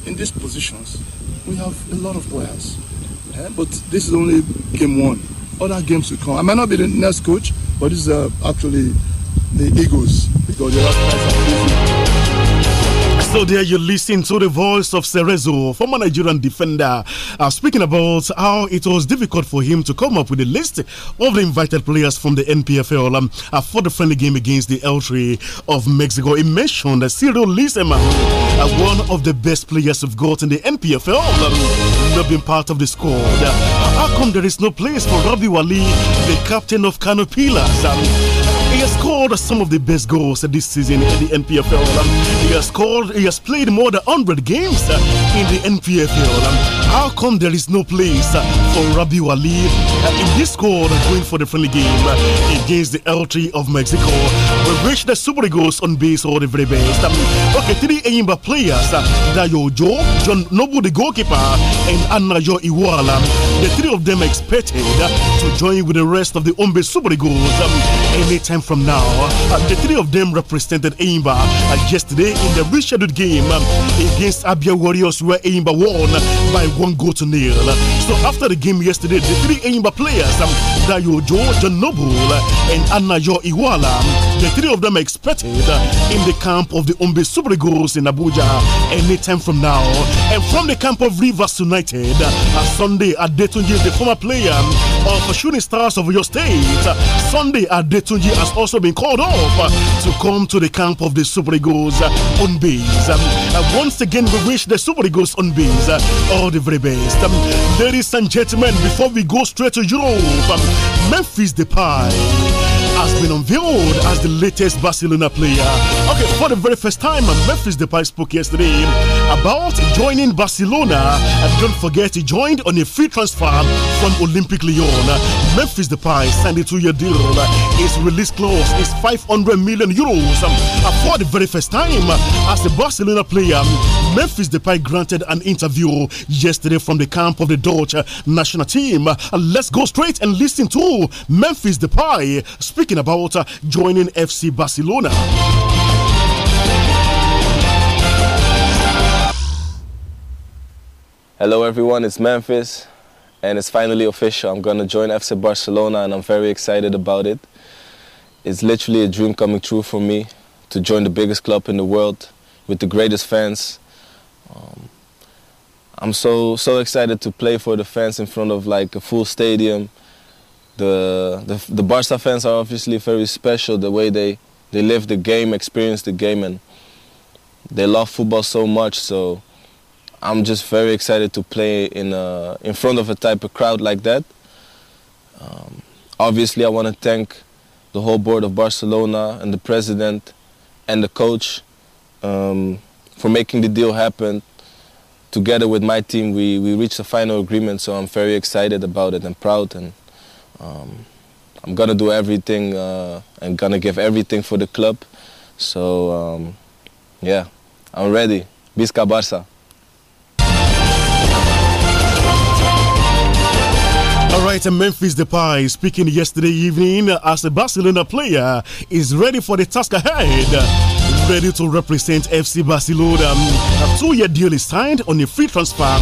in these positions, we have a lot of players. Yeah? But this is only game one. Other games will come. I might not be the next coach, but this is uh, actually the Eagles because the last guys are busy. So there you listen to the voice of Cerezo, former Nigerian defender, uh, speaking about how it was difficult for him to come up with a list of the invited players from the NPFL um, uh, for the friendly game against the El Tri of Mexico. He mentioned that Cyril Lissema, uh, one of the best players we've got in the NPFL, um, not being part of the squad. Uh, how come there is no place for Robbie Wali, the captain of Kano Pillars? Um, he has scored some of the best goals this season in the NPFL. Um, he has scored, he has played more than 100 games uh, in the NPFL. Um, how come there is no place uh, for Rabi Wali uh, in this squad going for the friendly game against the LT of Mexico? We wish the Super Eagles on base all the very best. Um, okay, three Enyimba players, Dayo Joe, John Nobu the goalkeeper, and Anayo Iwala. Um, the three of them expected to join with the rest of the Ombe Super Eagles anytime from now. The three of them represented Enyimba yesterday in the rescheduled game um, against Abia Warriors where Aimba won by one goal to nil. So after the game yesterday, the three Aimba players, um, Dayo Joe, John Noble, uh, and Anayo Iwala, um, the three of them are expected uh, in the camp of the Ombe Super Eagles in Abuja anytime from now. And from the camp of Rivers United, uh, Sunday at Dayton the former player um, of Shooting Stars of your state, Sunday at Detunji, has also been called off to come to the camp of the Super Eagles uh, on base. Um, once again, we wish the Super Eagles on base uh, all the very best. Um, ladies and gentlemen, before we go straight to Europe, um, Memphis Depay has been unveiled as the latest Barcelona player. Okay, for the very first time, Memphis Depay spoke yesterday about joining Barcelona. And don't forget, he joined on a free transfer from Olympic Lyon. Memphis Depay signed a two-year deal. His release clause is 500 million euros. For the very first time, as a Barcelona player, Memphis Depay granted an interview yesterday from the camp of the Dutch national team. Let's go straight and listen to Memphis Depay speak speaking about uh, joining FC Barcelona. Hello, everyone. It's Memphis, and it's finally official. I'm going to join FC Barcelona, and I'm very excited about it. It's literally a dream coming true for me to join the biggest club in the world with the greatest fans. Um, I'm so so excited to play for the fans in front of like a full stadium the, the, the Barca fans are obviously very special. The way they, they live the game, experience the game, and they love football so much. So I'm just very excited to play in a, uh, in front of a type of crowd like that. Um, obviously, I want to thank the whole board of Barcelona and the president and the coach um, for making the deal happen. Together with my team, we, we reached a final agreement, so I'm very excited about it and proud and um, I'm gonna do everything uh, I'm gonna give everything for the club. So um, yeah, I'm ready. Bisca Barça. All right, and Memphis Depay speaking yesterday evening as a Barcelona player is ready for the task ahead ready to represent FC Barcelona. A two-year deal is signed on a free transfer.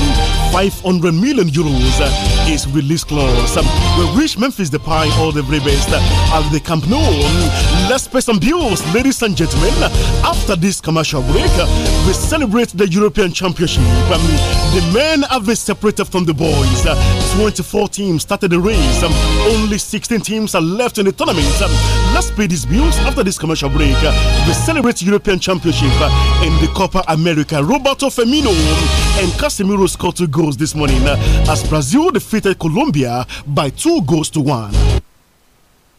500 million euros is release clause. We wish Memphis Depay all the very best at the Camp Nou. Let's pay some bills, ladies and gentlemen. After this commercial break, we celebrate the European Championship. Um, the men have been separated from the boys. 24 teams started the race. Um, only 16 teams are left in the tournament. Um, let's pay these bills after this commercial break. we celebrate European Championship in uh, the Copa America. Roberto Firmino and Casemiro scored two goals this morning uh, as Brazil defeated Colombia by two goals to one.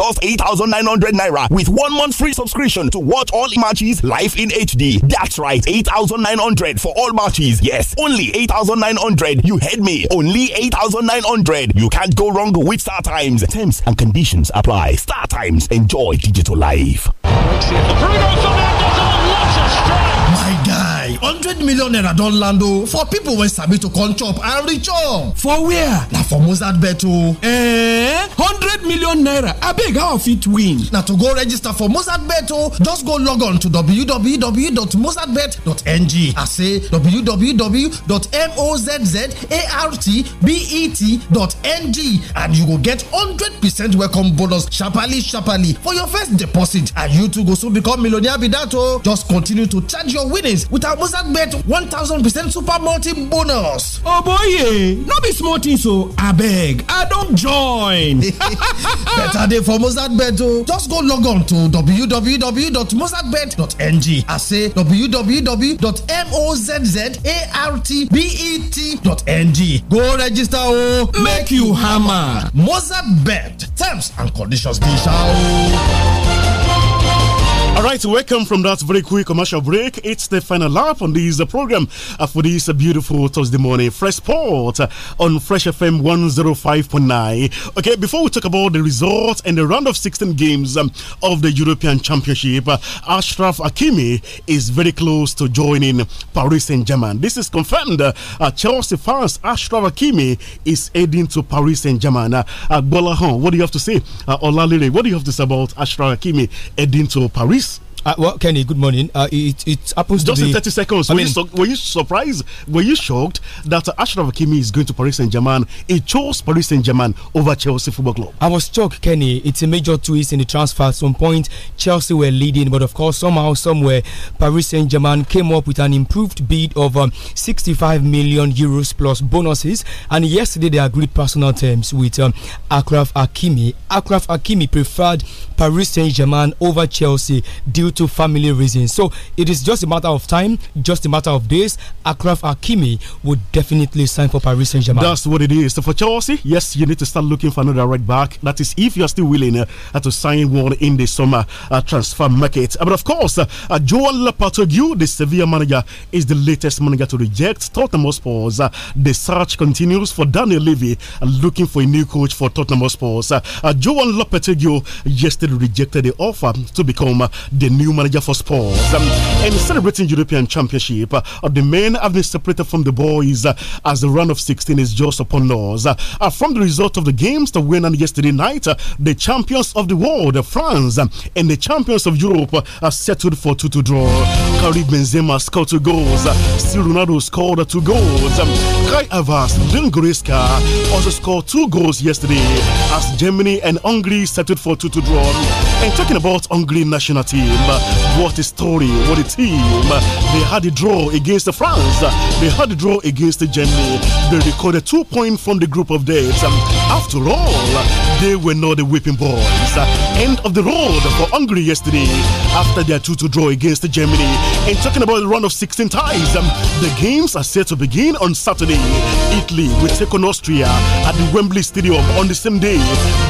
just 8,900 naira with one month free subscription to watch all matches live in HD. That's right, 8,900 for all matches. Yes, only 8,900. You heard me. Only 8,900. You can't go wrong with Star Times. Terms and conditions apply. Star Times. Enjoy digital life. like hundred million naira don land o for people wey sabi to come chop and reach up. for where? na for mozart bet o. Eh, hundred million naira abeg how i fit win? na to go register for mozart bet o just go log on to www.mozartbet.ng as say www.mozzartbet.ng and you go get hundred percent welcome bonus sharparly sharparly for your first deposit and you too go soon become millionaire be that o. just continue to charge your winnings without. Musa bet one thousand percent super multi bonus. Oh boy, no be small things so oh. I beg. I don't join. Better day for Mozart bet o. Oh. Just go log on to www.mozartbet.ng. I say www.mozzartbet.ng. Go register o. Oh. Make, Make you hammer. hammer. Mozart bet. Terms and conditions dey ṣá o. All right, welcome from that very quick commercial break. It's the final lap on this uh, program uh, for this uh, beautiful Thursday morning. Fresh Sport uh, on Fresh FM 105.9. Okay, before we talk about the results and the round of 16 games um, of the European Championship, uh, Ashraf Akimi is very close to joining Paris Saint Germain. This is confirmed. Uh, Chelsea fans, Ashraf Akimi is heading to Paris Saint Germain. Uh, Bolahan, what do you have to say? Uh, Olalere, what do you have to say about Ashraf Akimi heading to Paris? Uh, well, Kenny, good morning. Uh, it, it happens Just in 30 seconds, I were, mean, you were you surprised? Were you shocked that uh, Ashraf Hakimi is going to Paris Saint Germain? He chose Paris Saint Germain over Chelsea Football Club. I was shocked, Kenny. It's a major twist in the transfer. At some point, Chelsea were leading, but of course, somehow, somewhere, Paris Saint Germain came up with an improved bid of um, 65 million euros plus bonuses. And yesterday, they agreed personal terms with um, Akraf Hakimi. Akraf Hakimi preferred Paris Saint Germain over Chelsea. due due to family reasons. So it is just a matter of time, just a matter of days. Akraf Akimi would definitely sign for Paris Saint Germain. That's what it is. So for Chelsea, yes, you need to start looking for another right back. That is, if you are still willing uh, to sign one in the summer uh, transfer market. Uh, but of course, uh, uh, Joel the Sevilla manager, is the latest manager to reject Tottenham Hotspur. Uh, the search continues for Daniel Levy, uh, looking for a new coach for Tottenham Hotspur. Uh, uh, Joel yesterday rejected the offer to become uh, the new new manager for sports. Um, and celebrating European Championship, uh, the men have been separated from the boys uh, as the run of 16 is just upon us. Uh, from the result of the games that went on yesterday night, uh, the champions of the world, uh, France, um, and the champions of Europe uh, are settled for 2 to draw. Karim Benzema scored two goals. Still Ronaldo scored two goals. Um, Kai Avas, Lynn Goreska also scored two goals yesterday as Germany and Hungary settled for 2 to draw. And talking about Hungary national team, what a story, what a team. They had a draw against France, they had a draw against Germany. They recorded two points from the group of death. After all, they were not the whipping boys. End of the road for Hungary yesterday after their 2 2 draw against Germany. And talking about the run of 16 ties, the games are set to begin on Saturday. Italy will take on Austria at the Wembley Stadium on the same day.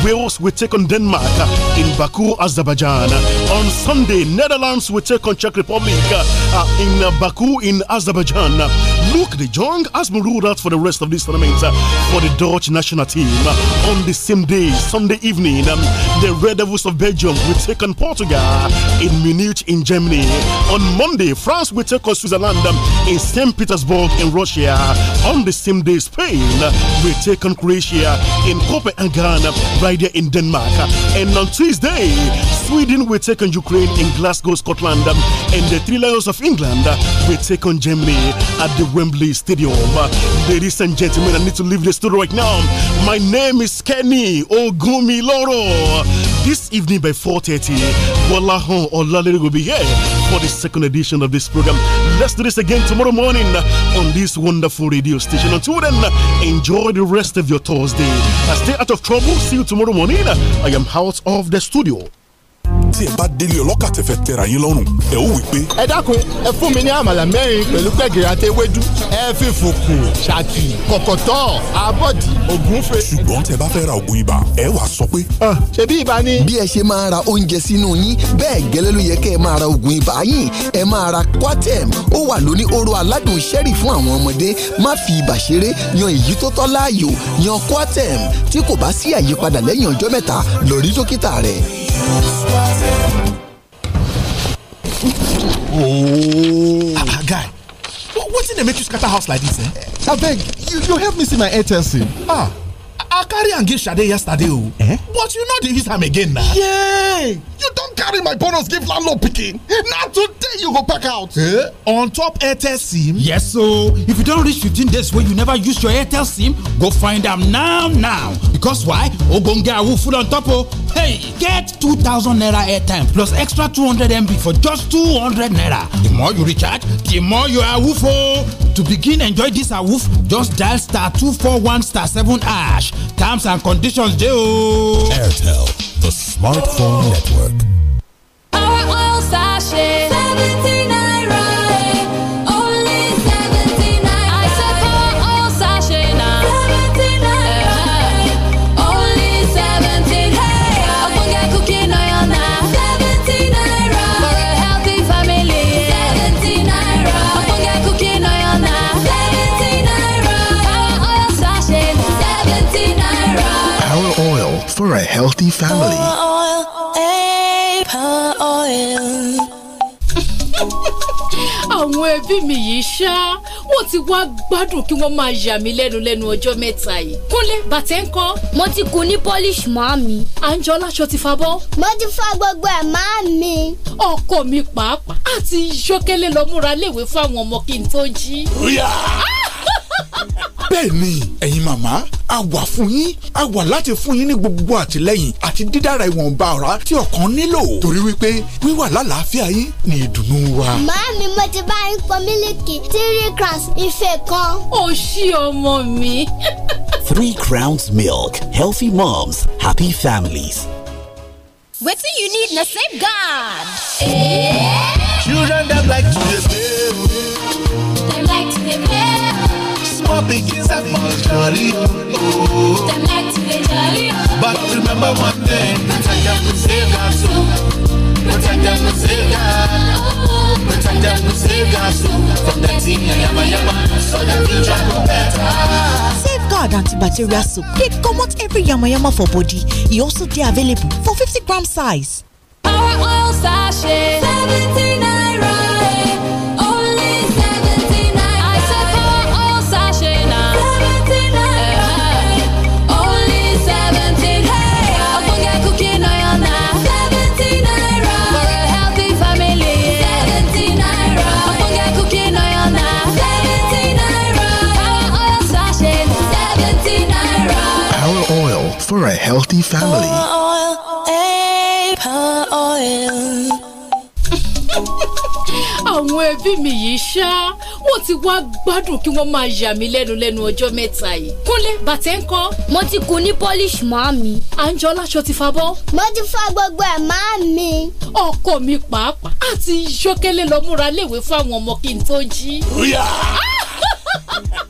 Wales will take on Denmark in Baku Azerbaijan. On Sunday, Netherlands will take on Czech Republic uh, in uh, Baku in Azerbaijan. Luke de Jong has been ruled out for the rest of this tournament uh, for the Dutch national team. on the same day, Sunday evening, um, the Red Devils of Belgium will take on Portugal in Munich in Germany. On Monday, France will take on Switzerland um, in St. Petersburg in Russia. On the same day, Spain uh, will take on Croatia in Copenhagen um, right there in Denmark. And on Tuesday, Sweden will take on Ukraine in Glasgow, Scotland. Um, and the Three Lions of England uh, will take on Germany at the Wembley Wembley Stadium. Ladies and gentlemen, I need to leave the studio right now. My name is Kenny Ogumiloro this evening by 4.30 Walahon Olalere will be here for the second edition of this program let's do this again tomorrow morning on this wonderful radio station until then enjoy the rest of your Thursday stay out of trouble see you tomorrow morning I am out of the studio tí ẹ bá délé ọlọ́kà tẹ̀fẹ̀ tẹ̀ra yín lọ́rùn ẹ ó wí pé. ẹ dákun ẹ fún mi ní àmàlà mẹ́rin pẹ̀lú pẹ̀gẹ̀rẹ̀ àti ewédú ẹ fi fùkù ṣàkì kọ̀kọ̀tọ̀ àbọ̀dì ògúnfe. ṣùgbọ́n tẹ bá fẹ́ ra ògùn ibà ẹ wàá sọ pé. ṣebí ibà ni. bí ẹ ṣe máa ra oúnjẹ sínú yín bẹ́ẹ̀ gẹ́lẹ́ ló yẹ kẹ́ ẹ máa ra ògùn ibà yín ẹ máa ra Coartem ó wà lóní oró aládùn sẹ́rì fún àwọn ọmọdé má fi ibà ṣeré yan èyí tó tọ́ láàyò yan Coartem tí kò bá sí àyípadà lẹ́yìn ọjọ́ mẹ́ta lọ rí dókítà rẹ̀ oh guy what's in make you scatter house like this? eh beg you you help me see my airtel sim ah i carry and give Sade yesterday oh eh but you know dey use him again now. yeah you don't carry my bonus give landlord picking. now today you go back out eh on top airtel sim yes so if you don't reach 15 days where you never use your airtel sim go find them now now because why Oh, ogbonge awoof full on top oh. Hey, get 2000 naira airtime plus extra 200 MB for just 200 naira. The more you recharge, the more you are woof To begin enjoy this awoof, just dial star 241 star 7 ash. Terms and conditions Do. Airtel, the smartphone network. Our oil sachet. healthy family. Oil, oil, àwọn ẹbí mi yìí ṣá wọn ti wá gbádùn kí wọn máa yà mí lẹ́nu lẹ́nu ọjọ́ mẹ́ta yìí. kúnlé bàtẹ́ ń kọ́. mo ti kun ní polish máa mi. àǹjọ láṣọ ti fa bọ́. mo ti fa gbogbo ẹ̀ máa mi. ọkọ mi pàápàá àti yọkẹlẹ lọ múra léwe fún àwọn ọmọ kí n tó jí. bẹ́ẹ̀ ni ẹ̀yin màmá a wà fún yín a wà láti fún yín ní gbogbo àtìlẹ́yìn àti dídára ìwọ̀nba ọ̀rá tí ọkàn nílò torí wípé wíwà lálàáfíà yín ni ìdùnnú wa. màámi mo ti bá yín pọn mílìkì three crowns ife kan. ó ṣí ọmọ mi. three crowns milk healthy moms happy families. wetin you need na safeguard. Eh? children dem like to dey play. dem like to dey play small pikin sef must jolly oh. Dem like to dey jolly oh. But remember one thing, protect them to save our soul. Protect them to save our Protect them to save our soul from that thing yama so the future go better. Safeguard antibacterial soap dey comot every yamayama for body. E also dey available for 50 gram size. Our oil sachet seventeen. ti wá gbádùn kí wọ́n máa yà mí lẹ́nu lẹ́nu ọjọ́ mẹ́ta yìí. kúnlẹ̀ bàtẹ́ ń kọ́. mo ti kun ní polish máa mi. àǹjọ́ láṣọ ti fa bọ́. mo ti fa gbogbo ẹ̀ máa mi. ọkọ mi pàápàá àti yọkẹ́lẹ́ lọ léwe fún àwọn ọmọ kí n tó jí.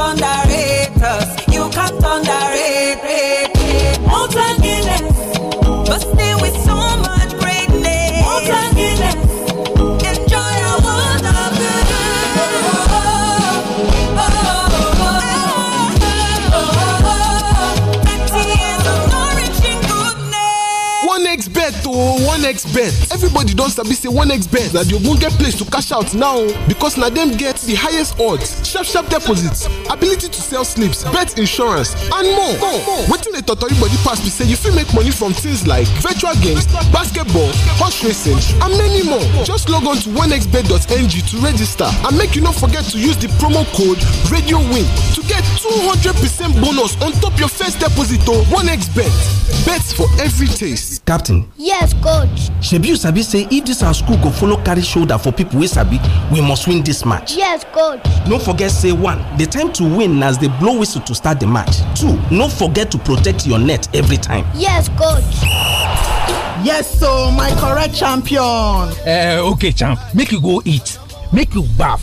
thunder onexbet everybody don sabi say X onexbet na di ogbonge place to cash out now because na dem get the highest odds sharp sharp deposits ability to sell slips bet insurance and more more wetin dey totori body pass be say you fit make money from things like virtual games basketball horse racing and many more just log on to 1xbet.ng to register and make you no forget to use the promo code RadioWin to get 200% bonus on top your first deposit o onexbet bet for every taste. captain. yes coach match shebi you sabi say if this our school go follow carry shoulder for people, wey sabi we must win this match yes coach no forget say one The time to win na as dey blow whistle to start the match two no forget to protect your net every time yes coach yes so my correct champion eh okay champ make you go eat make you baff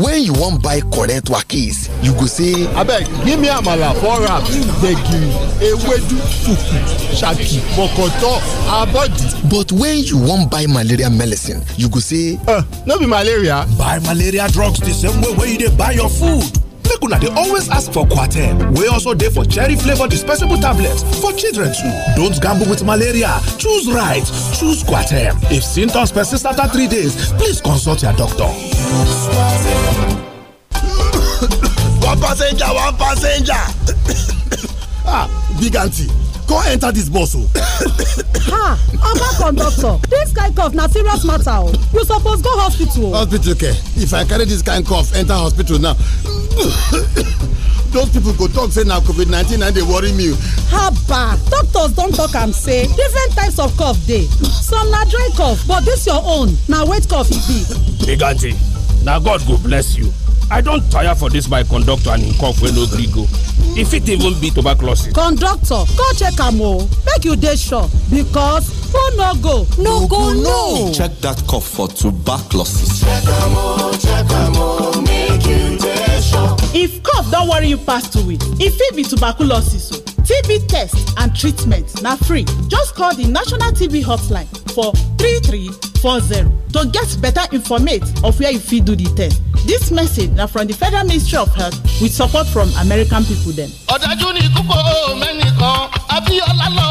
when you wan buy correct wakis you go say abeg give me amala four wrap gbegiri ewedu fufu shaki mokoto abodi. but when you wan buy malaria medicine you go say. Uh, no be malaria. buy malaria drugs the same way wey you dey buy your food make una dey always ask for coartem wey also dey for cherry flavour dispersible tablets for children too. Don't gamble with malaria, choose right, choose coartem. If symptoms persist after three days, please consult your doctor. One passenger, one passenger. ah, big auntie. Go enter dis bus o. ha oga conductor dis kind cough na serious matter o oh. you suppose go hospital. Oh. hospital care if i carry dis kind cough enter hospital now those people go talk say na covid nineteen na dey worry me. Oh. haba doctors don talk am say different types of cough dey some na dry cough but dis your own na wet cough e be. Biganti, aunty na god go bless you. i don tire for this my conductor and him cough wey no gree go e fit even be tuberculosis conductor go check am o make you dey sure because for no go no go no check dat cough for tuberculosis check am o check am o make you dey sure if cough don worry you pass two weeks e fit be tuberculosis o TB test and treatment na free. Just call the National TB Hotline for 3340 to get better informate of where you fit do the test. This message na from the Federal Ministry of Health with support from American people dem. Ọ̀dájú ni mẹ́nìkan, Abíọ́lá lọ.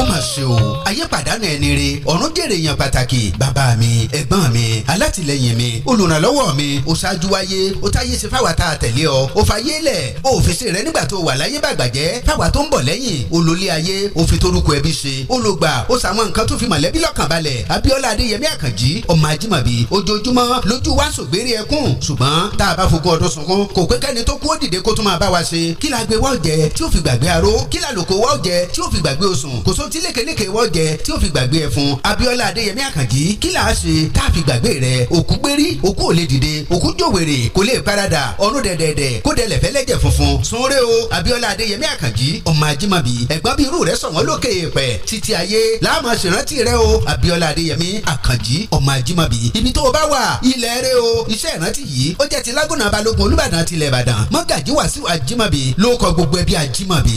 Ó o. ayé pàdánù ẹni re ọ̀run jèrè èèyàn pàtàkì bàbá mi ẹ̀gbọ́n mi alátìlẹyìn mi olùrànlọ́wọ́ mi ó ṣáájú wáyé ó táyé ṣe fáwa tá a tẹ̀lé ọ ó fàyé lẹ̀ ó fèsì rẹ nígbà tó wà láyé bàgbàjẹ́ fáwa tó ń bọ̀ lẹ́yìn olólé ayé ó fi torúkọ ẹbí ṣe olùgbà ó sàwọn nǹkan tó fi mọ̀lẹ́bí lọ́kàn balẹ̀ abiola adéyẹmí àkànjí ọmọ ajímọ̀bí ojoojúmọ́ lójú wa sògbére ẹkún ṣùgbọ́n tá a bá fogún ọdún sunkún kò pé kẹ́ni tó kú ó dìde kó tún máa bá wa ṣe kí la gbé wọ́ọ̀jẹ tí ó fi gbàgbé aró kí la lòkó wọ́ọ̀jẹ tí ó fi gbàgbé osùn kò sóhun tí lékeleke wọ́ọ̀j jẹ tí ó fi gbàgbé ẹ fún Abíọ́lá Adéyẹmí Àkànjí kí là á ṣe tá a fi gbàgbé rẹ òkú gbérí òkú ò lè dìde òkú jòwèrè kò lè parada ọ̀run dẹ̀dẹ̀dẹ̀ kó dẹlẹ̀ fẹ́lẹ́jẹ̀ funfun sunre o Abíọ́lá Adéyẹmí Àkànjí ọmọ ajímọ̀bí ẹ̀gbọ́n bí irú rẹ̀ sọ̀wọ́n lókè èèpẹ̀ títí ayé láàmú ṣèrántí rẹ o Abíọ́lá Adéyẹmí Àkànjí ọmọ ajímọ̀bí ibi tó o bá wà ilẹ̀ rẹ o iṣẹ́ ìrántí yìí ó jẹ́ ti lágùnà balógun Olúbàdàn tilẹ̀ Ìbàdàn mọ́gàjí wàsíù ajímọ̀bí ló kọ gbogbo ẹbí ajímọ̀bí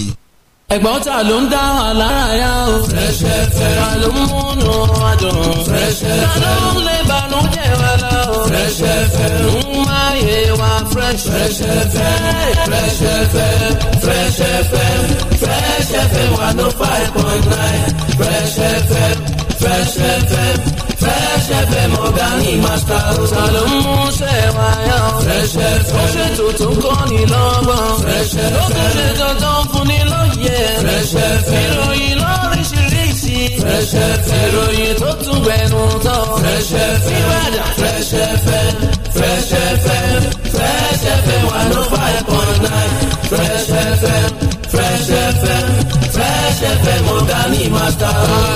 ẹ̀gbọ́n ta ló ń dá wa yá o. Fresh FM. ta ló ń múnú wa dùn. Fresh FM. ta ló ń lé ìbànújẹ́ wa lọ. Fresh FM. ń máyé wa Fresh. Fresh FM. Fresh FM. Fresh FM. Fresh FM five point nine. Fresh FM. Fresh FM. Fresh FM ọ̀gáni màsítà ọ̀tà ló ń mú sẹ́wà yá ọ̀. Fresh FM ó ṣe tuntun kọ́ ni lọ́gbọ̀n. Fresh FM ó tún ṣe dandan fún ni lóye. Fresh FM ìròyìn lóríṣiríṣi. Fresh FM ìròyìn tó tún gbẹnu tán. Fresh FM Ìbàdàn Fresh FM Fresh FM Fresh FM one oh five point nine Fresh FM Fresh FM. Fresh FM ọ̀gá ni màkà.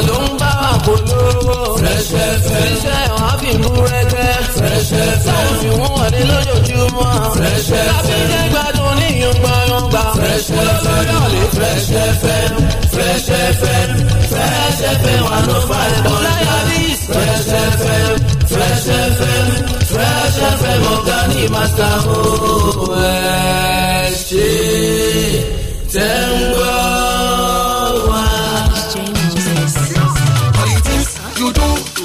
ló ń bá wa polówó. Fresh FM iṣẹ́ ọ̀hán fi mú rẹ́gẹ́. Fresh FM táwọn fi mú wọlé lójoojúmọ́. Fresh FM láti jẹ́ gbádùn ní yọ̀ngbọ̀nyọ̀ngbà. Fresh FM olórí Fresh FM Fresh FM Fresh FM wà ló fà ẹ̀kọ́ láyà ní. Fresh FM Fresh FM Fresh FM ọ̀gá ni màkà. ó ẹ ṣe tẹ́ ń gbọ́.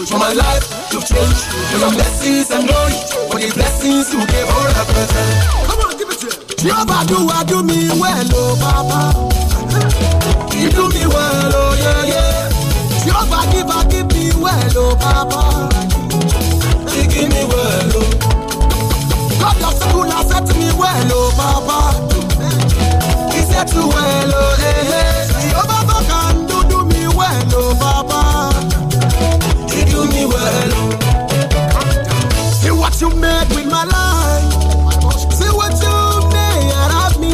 For my life to change. For your blessings and glory. For the blessings you gave all of us. Come on, give it to you. Jehovah, do I do me well, oh Papa? You do me well, oh yeah, yeah. Jehovah, give I give me well, oh Papa. You give me well, oh. God of school has set me well, oh Papa. He set you well, oh yeah. hey. See what you made with my life. See what you made out of me.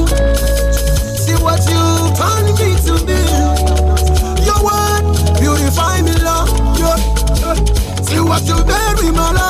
See what you turned me to be. Your word me, See what you made with my life.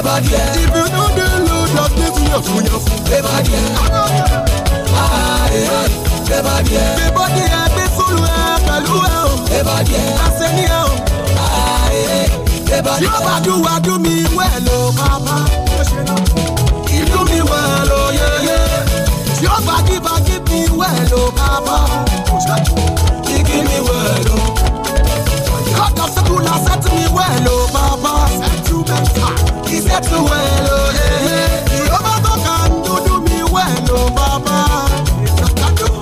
Eba there. If you know the Lord, just give me a full oh, oh. of Eba there. Ah, yeah. Eba there. Beba there, be full of oh, Kalua. Eba there. Asenia. Ah, yeah. Eba there. Yóò bá dùn wá dùn mí wẹ̀ lọ, bàbá. Ìdùn mi wẹ̀ lọ, yẹ́yẹ́. Yóò bá dì bá dì mí wẹ̀ lọ, bàbá. Igi mi wẹ̀ lọ. Kọ́tà sẹ́kù la sẹ́tì mi wẹ̀ lọ, bàbá settle well, oh yeah. You Roberto can do do me well, oh Baba.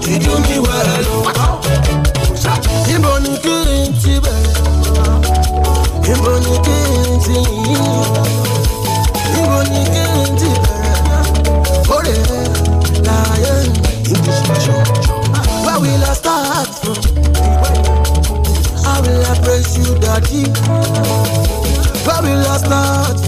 You do me well, oh. Ibo ni kiri ti bẹ, ibo ni kiri ti Where will I start from? I will I praise you, Daddy. Where will I start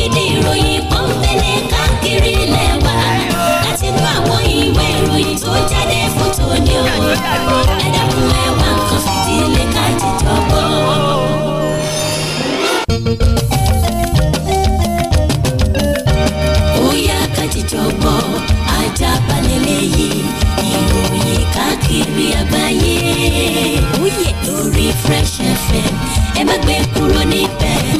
ògidì ìròyìn kan fẹlẹ̀ káàkiri lẹ́wà láti nú àwọn ìwé ìròyìn tó jáde fún tòní o ẹ dákun ẹ wá nǹkan fìdílé ká jíjọ gbọ́. ó ká jíjọ gbọ́ ajá balẹ̀ lẹ́yìn ìròyìn káàkiri àgbáyé oh, lórí Fresh FM ẹ má gbé kúrò níbẹ̀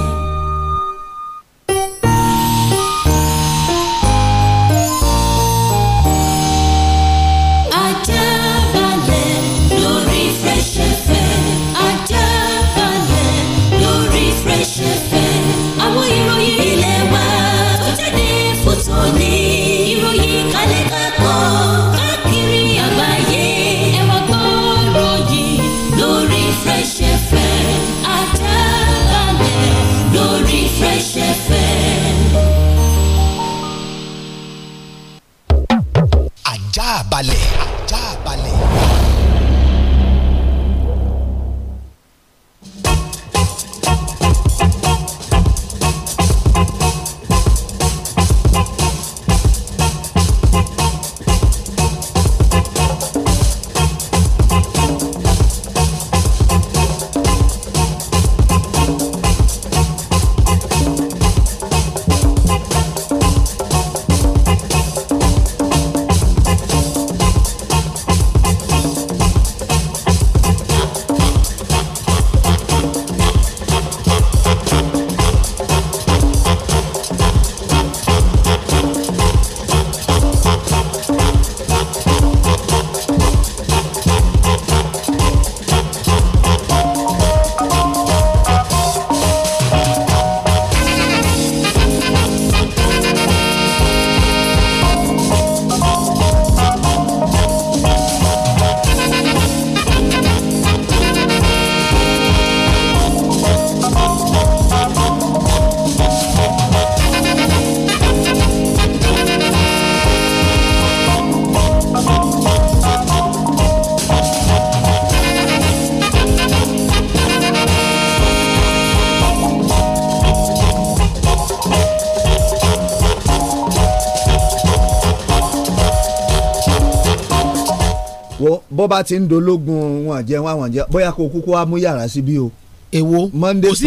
ti ń dológun wọn jẹ àwọn jẹ bóyá kó kúkú wá mú yàrá sí bí o. èwo monday to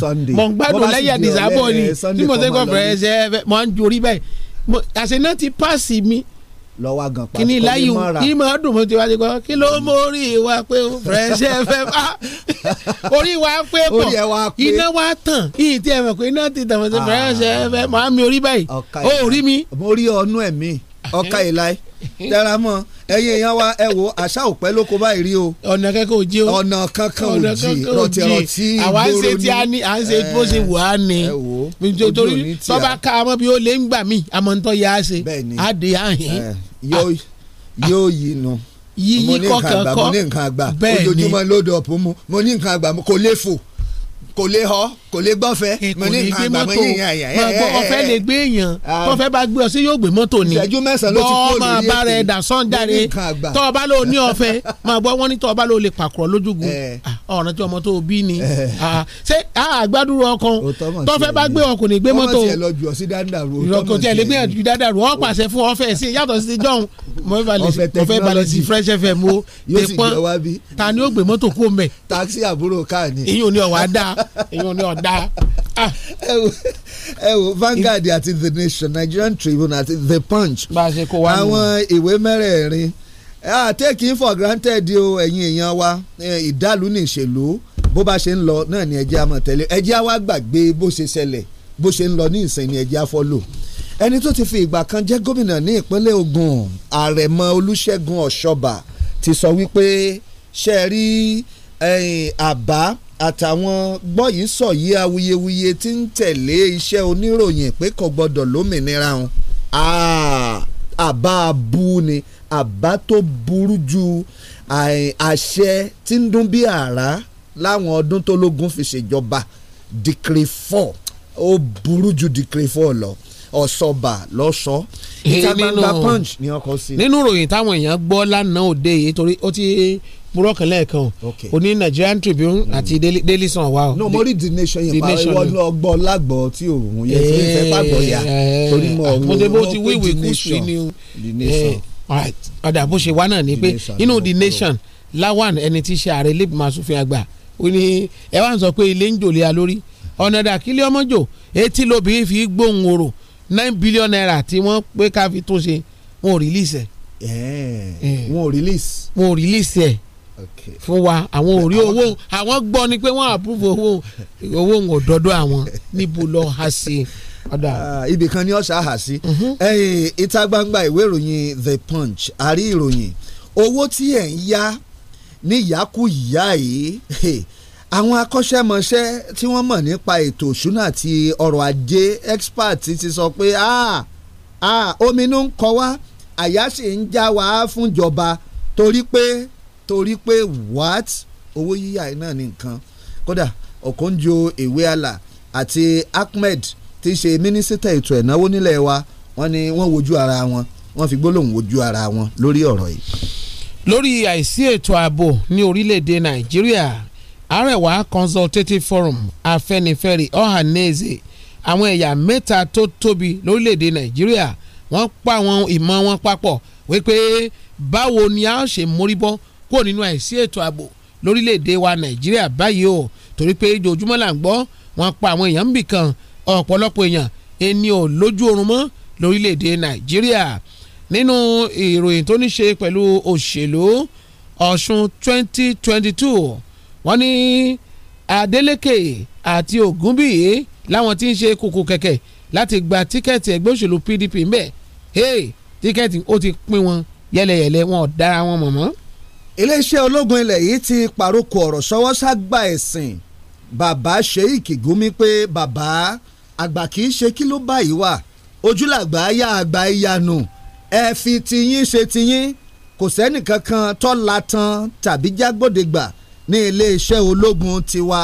sunday mo ń gbádùn lẹ́yìn àdìsábọ̀ ni bí mo ṣe kọ́ fẹ́rẹ́ ṣe mo ń jorí báyìí àṣeyná ti páàsì mi lọ́wọ́ gan pa kí ni láyé yìí máa dùn ti wá sí kọ́ orí wa pé ah! o iná wa tàn yìí tí ẹ mọ̀ pé iná ti tàn mọ́ sí Fresh FM máa mi orí báyìí o rí mi. mo rí ọnú ẹ̀mí ọkà ìlà daramọ ẹ̀yin èèyàn wa ẹ wo àṣà òpẹ ló kó báyìí rí o. ọ̀nà kankan ò jí o ọ̀nà kankan ò jí rọtí rọtí gbòòrò ni àwa ń ṣe tí a ní à ń ṣe bó ṣe wà á ní. ẹ wo ojú ò ní tí a tọ́ba ká ọmọ bí ó lé ń gbà mí àmọ́ ń tọ́ ya á ṣe á dé àhín. yóò yí nu yíyí kọkàn kọ bẹ́ẹ̀ ni mo ní nǹkan àgbà mo lójoojúmọ́ lódò ọ̀pọ̀ mu mo ní nǹkan àgbà mo kò léfò kò lè họ kò lè gbọ́fẹ́. kò lè gbé mọ́tò ọ̀fẹ́ lè gbé èèyàn kọ́fẹ́ bá gbé ọ sí yóò gbé mọ́tò ni. ìṣẹ́jú mẹ́sàn-án ló ti kó lórí ètò bọ́ọ̀ máa bá rẹ̀ dà sọ́njáre tọ́ọ̀bá ló ní ọ̀fẹ́ máa gbọ́ wọ́n ní tọ́ọ̀bá ló lè pàkúrọ̀ lójúgun ọ̀ràn tí ọmọ tó o bí ni eh. ṣé àgbàdúró ọkàn tọ́fẹ́ bá gbé ọkùnrin ní gbé mọ́tò ìrọ̀kò tí ẹ lè gbé ọ̀jù dáadáa rò ọ́ pàṣẹ fún ọ̀fẹ́ sí yàtọ̀ sí john ọ̀fẹ́ balẹ̀ sí fresh fm o tẹ̀pọ́n ta ni ó gbé mọ́tò kó mẹ́. taxi àbúrò káà ni. ìyún ni ọ̀wá dá ìyún ni ọ̀dá. Ah. ẹ wo Vanguard àti The Nation Nigerian Tribune àti The Punch àwọn ìwé mẹ́rẹ̀ẹ̀rin ah, take in for granted o ẹ̀yin èèyàn wa ìdálù ní ìṣèlú bó bá ṣe ń lọ náà ni ẹjẹ́ àmọ̀ tẹ́lẹ̀ ẹjẹ́ àwa gbàgbé bó ṣe ṣẹlẹ̀ bó ṣe ń lọ ní ìsìn ni ẹjẹ́ àfọ́lò ẹni tó ti fi ìgbà kan jẹ́ gómìnà ní ìpínlẹ̀ Ògùn àrẹ̀mọ Olúṣẹ́gun Ọ̀ṣọ́bà ti sọ wípé ṣe rí àbá àtàwọn gbọ́yìí sọ̀yí awuyewuye tí ń tẹ̀lé iṣẹ́ oníròyìn pé kò gbọ́dọ̀ lómìnira wọn àbá abú ni. Ah, àbá tó burú ju àṣẹ tí ń dún bí àrá láwọn ọdún tó lógún fi ṣèjọba decree four ó burú ju decree four lọ ọ̀sọ̀bà lọ́sọ̀ ìtàgbàgbà punch ni ọkọ̀ sí. nínú ìròyìn táwọn èèyàn gbọ́ lánàá òde yìí torí ó ti purọ́kàn lẹ́ẹ̀kan o ní Nigerian Tribune hmm. àti Daily Sun wa o. no mo rí the nation yẹn pa ìwọ ní ọgbọ́ lágbọ́ tí òun yẹn ti fẹ́ pàgbọ́ ya eh, torí mo ò eh, mọ̀ pé the nation the eh, nation ọ̀dà bó ṣe wá náà ni pé inú the nation lawan ẹni tí í ṣe ààrẹ lẹ́bùn máa sùfin àgbà ó ní ẹ wá ń sọ pé ilé ń jòlè alórí ọ̀nà dàkílẹ̀ ọmọjò etí lóbìnrin fi gbóhùn orò nine billion naira tí wọ́n pé ká fi tún ṣe wọn ò release ẹ̀. Eh. wọn ò release. wọn ò release ẹ̀ fún wa àwọn ò rí owó àwọn gbọ́ ni pé wọ́n approve owó owó ń dọ́dọ̀ àwọn níbo lọ́ọ́ sí i. Ah, ibì kan ni ọ̀sà hà sí mhm. ìta gbangba ìwé ìròyìn The Punch àrí ìròyìn owó tí ẹ̀ ń yá ní ìyákùyà yìí àwọn akọ́ṣẹ́mọṣẹ́ tí wọ́n mọ̀ nípa ètò òṣùnà àti ọrọ̀ ajé expert ti sọ pé ominú ń kọ wá àyà sì ń já wa fúnjọba torí pé torí pé what owó yíyá náà ní nǹkan kódà ọ̀kọ́njọ ìwé àlà àti Ahmed tí í ṣe mínísítà ètò ẹ̀náwó nílẹ̀ wa wọ́n ní wọ́n wojú ara wọn wọ́n fi gbólóhùn wojú ara wọn lórí ọ̀rọ̀ yìí. lórí àìsí ètò ààbò ní orílẹ̀-èdè nàìjíríà Arewa Consultative Forum Afẹ́nifẹ́re Ohanaeze àwọn ẹ̀yà mẹ́ta tó tóbi lórílẹ̀-èdè nàìjíríà wọ́n pa àwọn ìmọ̀ wọn papọ̀ wípé báwo ni a ṣe mórí bọ́ kúrò nínú àìsí ètò ààbò lórílẹ̀-èdè wa nàìjíríà báyìí o torí pé ojoojúmọ́ là ń gbọ́ wọ́n pa àwọn èèyàn ń bì kan ọ̀pọ̀lọpọ̀ èèyàn ẹni ò lójú oorun mọ́ lórílẹ̀‐èdè nàìjíríà nínú ìròyìn tó ní ṣe pẹ̀lú òṣèlú ọ̀ṣun 2022 wọ́n ní adeleke àti ògúnbíyé láwọn tí ń ṣe kùkù kẹ̀kẹ́ láti gba tíkẹ́ẹ̀tì ẹgbẹ́ òṣèlú pdp ń hey tíkẹ́ẹ̀tì ó ti pín wọn yẹlẹyẹlẹ wọn ò dára wọn mọ̀ mọ́. iléeṣẹ́ ológun ilẹ̀ yìí ti pàrokò ọ̀rọ̀ sọ́wọ́ ságbà ẹ̀sìn bàbá sheik gumi pé bàbá àgbà kì í ṣe kí ló báyìí wà ojúlàgbà yá àgbà ìyanu ẹ fi tiyín ṣe tiyín kò sẹ́nìkankan tọ́la tan tàbí jágbódegbà ní iléeṣẹ́ ológun tiwa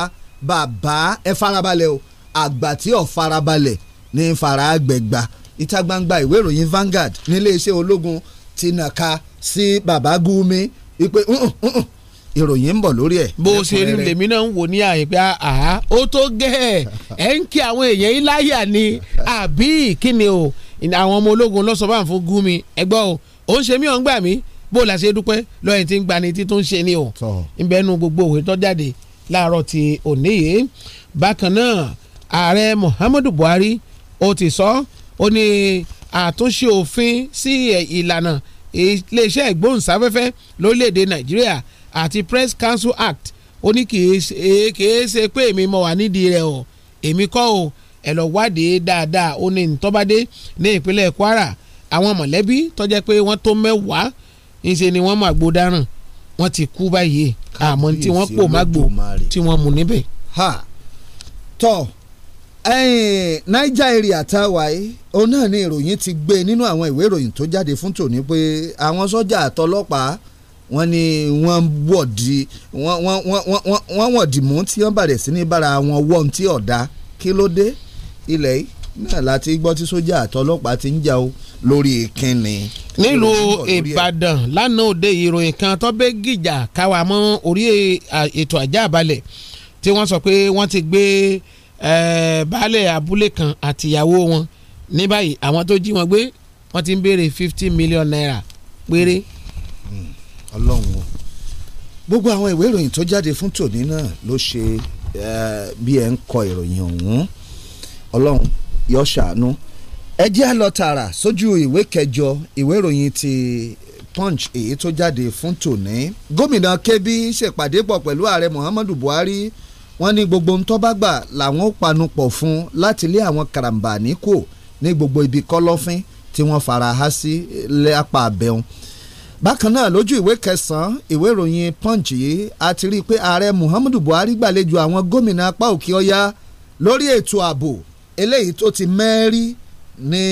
bàbá ẹ farabalẹ̀ o àgbà tí ò farabalẹ̀ ní faragbẹ̀gbà ìta gbangba ìwé ìròyìn Vanguard ní iléeṣẹ́ ológun ti nàka sí bàbá Gumi wípé ìròyìn ń bọ̀ lórí ẹ̀. bó o ṣe rí lèmi náà ń wò ní àyè pé àá ó tó gẹ́ ẹ̀ ń kí àwọn èèyàn yín láyà ni àbí kíni o àwọn ọmọ ológun lọ́sọ̀ bá ń fún gún mi ẹgbọ́ o ó ń ṣe mí ọ̀ ń gbà mí bó o là ṣe dúpẹ́ lọ́yìn tí ń gbani tí tó ń ṣe ni o ìbẹ́nu gbogbo òwe tó jáde láàárọ̀ ti òní yìí bákan náà ààrẹ Muhammadu Buhari ó ti sọ ó ní àtúnṣe òfin sí ìlànà iléeṣẹ́ ìgbóhùnsáfẹ́fẹ́ lórílẹ̀‐èdè Nàìjíríà àti press council act ó ní kìí eh, ṣe pé èmi mo wà nídìí rẹ̀ o èmi kọ́ o ẹ̀ lọ wádìí dáadáa ó ní ntọ́badé ní ìpínlẹ̀ kwara àwọn mọ̀lẹ́bí tó jẹ́ pé wọ́n tó mẹ́wàá ńṣe ni wọ́n máa gbó dáràn wọ́n ti kú báyìí àmọ́ tí wọ́n pò má gbò tí wọ́n mú níbẹ̀. tọ́ niger area tá yìí òun náà ni ìròyìn ti gbé nínú àwọn ìwé ìròyìn tó jáde fún tòní pé àwọn sọ́jà àtọlọ́pàá wọ́n ní wọ́n wọ̀dì wọ́n wọ̀dì mú tí wọ́n bàrẹ̀ sí ní bára wọn wọ́n tí ọ̀dà kí ló dé ilẹ̀ yìí náà láti gbọ́ tí sójà àtọlọ́pàá ti ń jà ó lórí ìkíni. nílùú ìbàdàn lánàá òde ìròyìn kan tó bẹ́ gìjà káwa mọ́ orí ètò àjà àbálẹ̀ tí wọ́n sọ pé wọ́n ti gbé baálẹ̀ abúlé kan àtìyàwó wọn ní báyìí àwọn tó jí wọn gbé wọ́n ti ń béèrè fifty million naira péré. Mm -hmm ọlọ́run o gbogbo àwọn ìwé ìròyìn tó jáde fún tòní náà ló ṣe bí ẹ ń kọ ìròyìn ọ̀hún ọlọ́run yọ ṣàánú ẹ jẹ́ lọ tààrà sójú ìwé kẹjọ ìwé ìròyìn ti punch èyí tó jáde fún tòní gómìnà kébí ṣèpàdé pọ̀ pẹ̀lú ààrẹ muhammadu buhari wọ́n ní gbogbo ń tọ́ba gbà làwọn ó panupọ̀ fún láti lé àwọn karambà ní kò ní gbogbo ibi kọ́lọ́fín tí wọ́n fara há sí lápá abẹ́hùn bákan náà lójú ìwé kẹsàn-án ìwé ìròyìn punch yìí a ti rí i pé ààrẹ Muhammadu Buhari gbàlejò àwọn gómìnà apá òkè ọya lórí ètò ààbò eléyìí tó ti mẹ́rí ní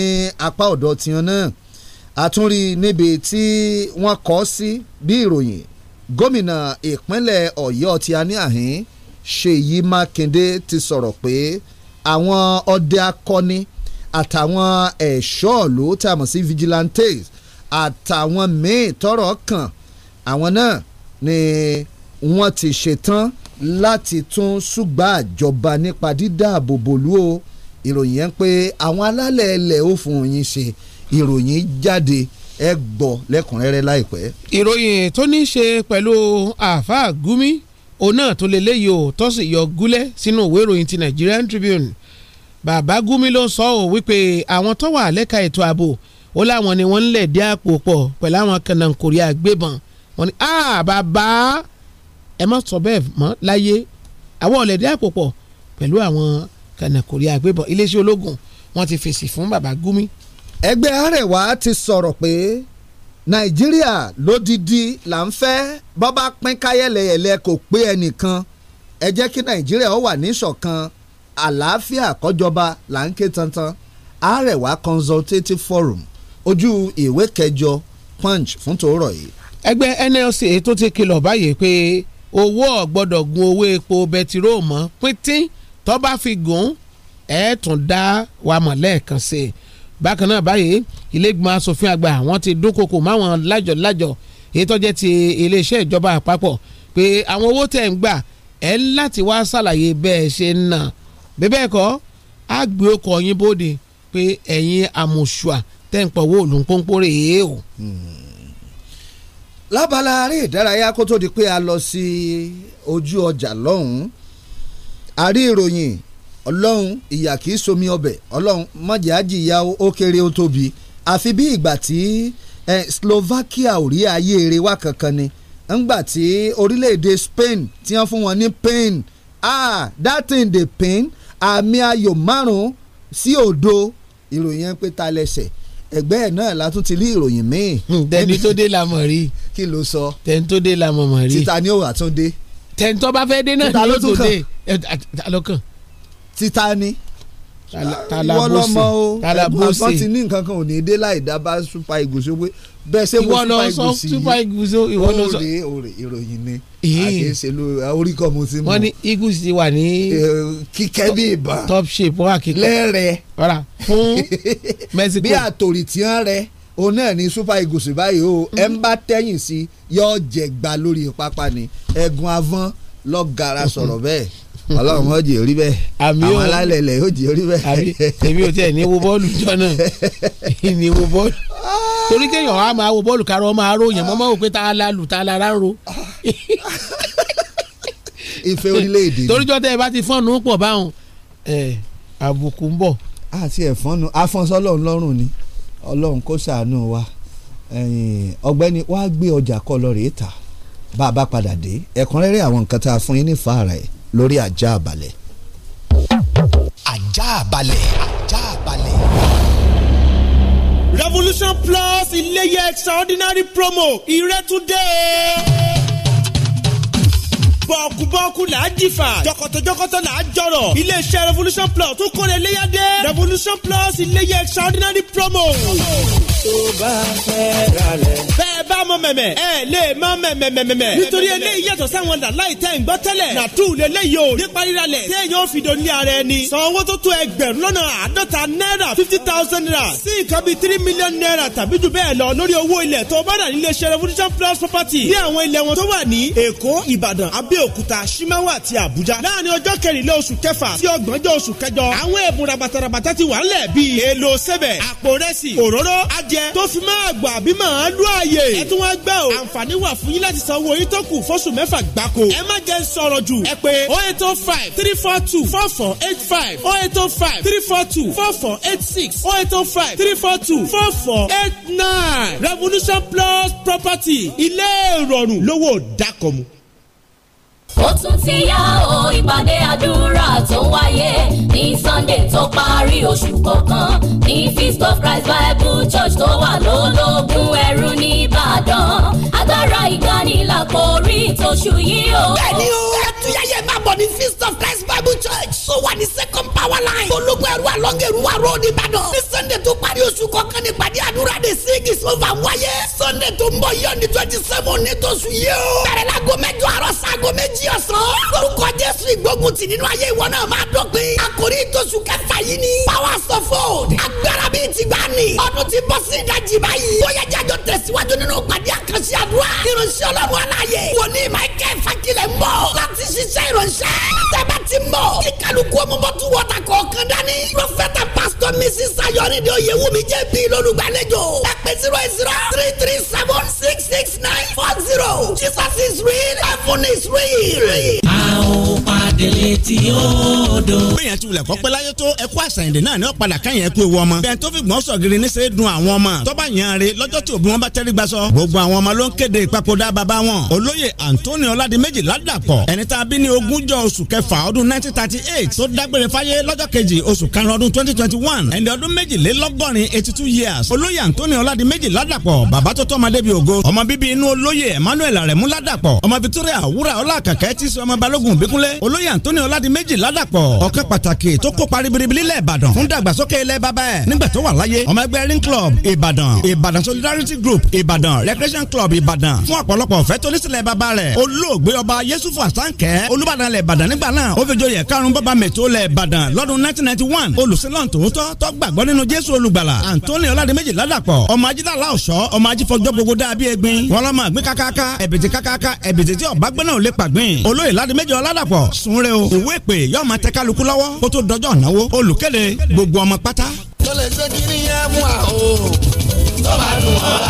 apá ọ̀dọ̀ tiwọn náà àtúnrí níbi tí wọ́n kọ́ sí bí ìròyìn gómìnà ìpínlẹ̀ Ọ̀yọ́ ti a ní àhín Ṣèyí Mákindé ti sọ̀rọ̀ pé àwọn ọdẹ akọni àtàwọn ẹ̀ṣọ́ ìlú tá a mọ̀ sí vigilantes àtàwọn míín tọ́rọ̀ kàn àwọn náà ni wọ́n ti ṣetán láti tún ṣùgbà àjọba nípa dídáàbò bòlú o ìròyìn yẹn pé àwọn alálẹ̀ ilẹ̀ ó fún yín ṣe ìròyìn jáde ẹ gbọ́ lẹ́kùnrẹ́rẹ́ láìpẹ́. ìròyìn tó ní í ṣe pẹ̀lú àáfàá gumi òun náà tó lè léyìí o tó sì yọ gúlẹ̀ sínú ìwé ìròyìn ti Nigerian Tribune bàbá gumi ló sọ ọ́ wípé àwọn tó wà lẹ́ka ètò ààbò ó láwọn ni wọ́n ń lẹ̀ dí àpò pọ̀ pẹ̀lú àwọn kànáńkòrí àgbébọn wọ́n ní ah, bàbá ẹ má sọ bẹ́ẹ̀ mọ́ láyé àwọn ọ̀lẹ̀ dí àpò pọ̀ pẹ̀lú àwọn kànáńkòrí àgbébọn iléeṣẹ́ ológun wọ́n ti fèsì fún bàbá Gumi. ẹgbẹ́ Arẹwà ti sọ̀rọ̀ pé Nàìjíríà lódìdí là ń fẹ́ bọ́bá pín káyẹ̀lẹ̀yẹ̀lẹ̀ kò pé ẹnìkan ẹ jẹ́ kí Nàìjíríà ó wà ní ìṣọ̀kan àlàáfíà kọjọba là ń ké tantan Arẹwà Consultative Forum ojú ìwé kẹjọ punch fún tòórọ̀ yìí. ẹgbẹ́ NLC tó ti kìlọ̀ báyìí pé owó ọ̀gbọ́dọ̀ gun owó epo bẹtiró mọ́ píntín tó bá fi gùn ẹ̀ tún dá wa mọ̀ lẹ́ẹ̀kan sí i bákan náà báyìí ilégbìmọ̀ asòfin àgbà wọ́n ti dúnkokò máwọn lájọ̀lájọ̀ èyí tó jẹ́ ti iléeṣẹ́ ìjọba àpapọ̀ pé àwọn owó tẹ̀ ń gbà ẹ̀ láti wá ṣàlàyé bẹ́ẹ̀ ṣe ń nà bẹ́ẹ̀ kọ́ àgbẹ̀ ọkọ̀ yín bóde pé ẹ̀yin àmùṣùà tẹ́ǹpọ̀ wo olùpọ̀npọ̀ rè é o. Hmm. lábala eré ìdárayá kó tó di pé a lọ sí ojú ọjà lọ́hùn-ún a rí ìròyìn ọlọ́run ìyà kìí somi ọbẹ̀ ọlọ́run mọ̀jẹ̀ àjìyà ó kéré ó tóbi àfi bí ìgbà tí Slovakia ò rí ayé eré wá kankan ni ńgbà tí orílẹ̀-èdè Spain tí wọ́n fún wọn ní pain ah that thing dey pain àmì ayò márùn-ún sí òdo ìròyìn pé ta lẹ́sẹ̀ ẹgbẹ́ ẹ̀ náà látún ti rí ìròyìn míì. Hmm, tẹni tó dé la mọ̀ rí. kí ló sọ. tẹni tó dé la mọ̀ mọ̀ rí. títa ni òun àtúndé. tẹni tó bá fẹ́ dé náà ni yóò tó dé. ta ló kàn. títa ni talabose talabose wọn lọmọ o ẹ̀gbọ́n ti ní nǹkan kan ò ní dé láì dá bá súpa ìgòsó pé bẹ́ẹ̀ ṣe wo super eagles yìí ìwọ lọ sọ òòrè òòrè ìròyìn ni àdéṣelú orí kan mo ti mọ. wọ́n ní eagles ti wà ní. kíkẹ́ bí ìbọn top shape wọ́n àkíkọ́ lẹ́rẹ̀ fún mexico. bí àtòrì tí wọ́n rẹ̀ òun náà ní super eagles báyìí o mm-hmm. ẹ̀ ń bá tẹ̀yìn sí yọ jẹ̀gbá lórí pápá ni ẹ̀gùn avọ́n lọ́gàrà mm-hmm. sọ̀rọ̀ bẹ́ẹ̀ ọlọ́run ó jẹ́ orí bẹ́ẹ̀ àwọn alálẹ̀ ilẹ̀ ó jẹ́ orí bẹ́ẹ̀. èmi ò tiẹ̀ ní wo bọ́ọ̀lù jọ náà ní wo bọ́ọ̀lù torí kéèyàn á máa wo bọ́ọ̀lù kárọ̀ máa ròyìn mọ́ máa wò pé tá a la lù tá a la ráro. ìfẹ́ orílẹ̀-èdè. torí jọ́ tẹ́ ẹ bá ti fọ́ọ̀nù pọ̀ báwọn àbùkù ń bọ̀. àti ẹ̀fọ́nu afọ́nsọ́ ọlọ́run lọ́rùn ni ọlọ́run kó ṣàánú wa ọgbẹ́ni wàá gbé ọjà kọ lọ rèé ta bá a bá padà dé ẹ̀kúnrẹ́rẹ́ àwọn nǹkan tá a fún yín ní fàárà yìí lórí ajá balẹ̀. ajá balẹ̀ ajá balẹ̀. Revolution Plus iléyẹ extraordinary promo today, ìrẹ́túndé. Bọ̀kúbọ̀kú là á jìfà. Jọkọ̀tọ̀jọkọ̀tọ̀ là á jọ̀rọ̀. Iléeṣẹ́ Revolution Plus tún kọ́ni iléyà dé. Revolution Plus iléyẹ extraordinary promo. Oh tó bá fẹ́ ra lẹ̀. bẹ́ẹ̀ bá mọ mẹ̀mẹ̀ ẹ lè má mẹ̀mẹ̀mẹ̀mẹ̀. nítorí eléyìí yàtọ̀ sáwọn làláì tẹ̀ ń gbọ́ tẹ́lẹ̀ nàtú lélẹ́yìí o nípa ríra lẹ̀ téèyàn ó fi doni ara ẹni. san owó tó tó ẹgbẹ̀rún lọ́nà àádọ́ta náírà fifty thousand naira sí nǹkan bíi three million naira tàbí jù bẹ́ẹ̀ lọ lórí owó ilẹ̀ tó bá dà nílé ṣe revolution plus property ní àwọn ilẹ̀ wọn tó wà ní èkó ìbàdàn abẹ́òkúta ṣímáwá àti àbújá láàrin ọjọ́ kẹrìnlá oṣù kẹfà sí ọgbọ̀njọ́ oṣù kẹjọ àwọn ẹ̀bùn rabatarabata ti wà ńlẹ̀ bíi èlò sẹ́bẹ̀ àpò rẹ́sì òróró aj jẹ tó fi máa gbà bí màá lú àyè. ẹ tún wá gbẹ́ o àǹfààní wà fún yín láti san yín tó kù fọ́sùn mẹ́fà gbáko. ẹ má jẹ́ sọ̀rọ̀ jù ẹ pé oh eight oh five three four two four four eight five oh eight oh five three four two four four eight six oh eight oh five three four two four four eight nine revolution plus property ilé ìrọ̀rùn lówó dákọ̀mu ó tún ti yá o ìpàdé àdúrà tó ń wáyé ní sunday tó parí oṣù kọ̀ọ̀kan ní feast of christ bible church tó wà lólógún ẹrú ní ìbàdàn agbára ìgbanilà kò rí ìtòṣù yìí o. bẹ́ẹ̀ni o ayẹyẹ máa bọ̀ ní feast of christ bible church tó wà ní second power line ológun ẹrú alọ́ngẹ̀rúwà road ìbàdàn ní sunday tó parí oṣù kọ̀ọ̀kan ní ìpàdé àdúrà the sick is over wáyé sunday tó ń bọ̀ yọ ní twenty seven ní tóṣù yìí o bẹ̀rẹ̀ láago mẹ́jọ àárọ̀ sáago méjì ọ̀sán lórúkọ jésù ìgbógun tì nínú ayé ìwọ náà máa dọ̀gbìn àkòrí tóṣù kẹfà yìí ni powers of old agbára bíi ti gbà ní ọdún tí bọ́ sí ìdajì báyìí bóyá jájọ tẹ̀síwájú nínú ìpàdé àkànṣe àdúrà irunṣẹ́ ọlọ́run aláyẹ wòlíì máa kẹ́ ìfàkìlẹ̀ ń bọ̀ ìránṣẹ́. sábà ti mọ̀ kí kálukú ọmọ bọ́ tú wọ́ta kọ̀ọ̀kan dání. prọfẹ̀tà pásítọ̀ mrs ayọ̀rìndé oyèwùmí jẹ́ bí lọ́lùgbàlejò. ẹ pè zero eight zero three three seven zero Jesus is real heaven is real. a ò pàdé létí odò. bóyá tí wulẹ̀ kọ́ pẹ́ láyé tó ẹ̀kú àṣàyìndè náà ni ó padà káyìn ẹ̀kú ewu ọmọ. bẹ́ẹ̀ tó fi gbọ́n sọ̀gìrì níṣẹ́ dun àwọn ọmọ. tọ́ba yẹn re lọ́jọ́ tí òbí wọn bá tẹ́rí gbaṣọ. gbogbo àwọn ọmọ ló ń kéde ìpapòdà bàbá wọn. olóyè Anthony Ọládìméjì Ládàpọ̀ ẹni tá a bí ní ogúnjọ́ oṣù kẹfà ọdún nineteen thirty eight tó dágbére fáyé lọ́jọ́ kejì oṣù karùn-ún ọdún twenty twenty one ẹni ọdún méjìlélọ́gọ́rin eighty two years olóyè Anthony Ọládìméjì Ládàpọ̀ bàbá tó tọ́ ọmọdé bíi ògo ọmọ bíbí inú olóyè emmanuel aremu ládàpọ̀ ọmọ victoria wúrà ọlákàkẹ́ tí sọ ọmọ balógun bíkúnlé olóyè antonio ládìméjì ládàpọ̀ ọ̀kan pàtàkì tó kópa ribiribi nílẹ̀ ìbàdàn fún dàgbàsókè ilẹ̀ bàbá ẹ̀ nígbà tó wà láyé ọmọ ẹgbẹ́ ring club ìbàdàn ìbàdàn solidarity group ìbàdàn recreation club ìbàdàn fún ọ̀pọ̀lọpọ̀ ọ̀fẹ́ tó nísìlẹ̀ bàbá rẹ̀ olóògbé ọba yéṣùfù àsáǹkẹ́ olùbàdàn lẹ̀ ìbàdàn nígbà náà ó fi joyè karùn-ún bàbá mẹ́tò lẹ̀ ìbàdàn lọ́dún 1991 olùsílọ̀ tòótọ́ tó gbàgbọ́ nínú jésù olùgbàlà antonio ládìméjì ládàpọ̀ ọmọ ajídàlá ọ̀ṣọ́ ọmọ ajífọ́jọ́ gbogbo dáa bí egbin wọn lọ́mọ àgbékaka kákáká ẹ̀bìtì kákáká ẹ̀bìtì tí ọ̀bá gbẹ́nà ò lè pàgbìn. olóyè ládìméjì ọ̀làdàpọ̀ sùn re o ìwé ìpè yóò máa tẹ kálukú lọ́wọ́ kó tó dọjọ́ ìnáwó olùkéde gbogbo ọmọ pátá. tó ṣe kí ni yẹn mú àwò tó bá dùn ọ̀la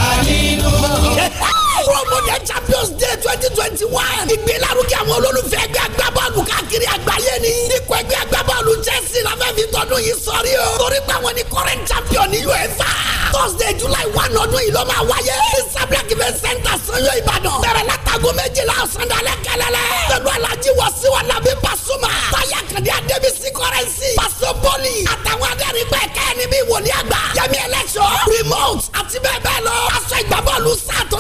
ọ̀rọ̀ ọmọdé champions day twenty twenty one. ìgbélárugẹ àwọn olólùfẹ́ ẹgbẹ́ agbábọ́ọ̀lù káàkiri àgbáyé ni. ikọ̀ ẹgbẹ́ agbábọ́ọ̀lù chelsea la fẹ́ fi tọdún yìí sọrí o. torí pé àwọn ni current champion ní uefa. thursday july one ọdún yìí ló máa wáyé. sabla kìfẹ́ center sanyo ìbàdàn. bẹ̀rẹ̀ látago méjìlá ọ̀sán-dalẹ̀ kẹlẹ́lẹ́. pẹ̀lú alájí wọ sí wa nàbí pasuma. táyà kàdé adébísí kọ́rẹ́nsì. pasoboli àtàwọn adẹ́rìn pẹ̀ kẹ́ ni bí wòlíàgbà. remote àti bẹ́ẹ̀ bẹ́ẹ̀ lọ. aṣọ ìgbàbọ́ọ̀lù sáà tó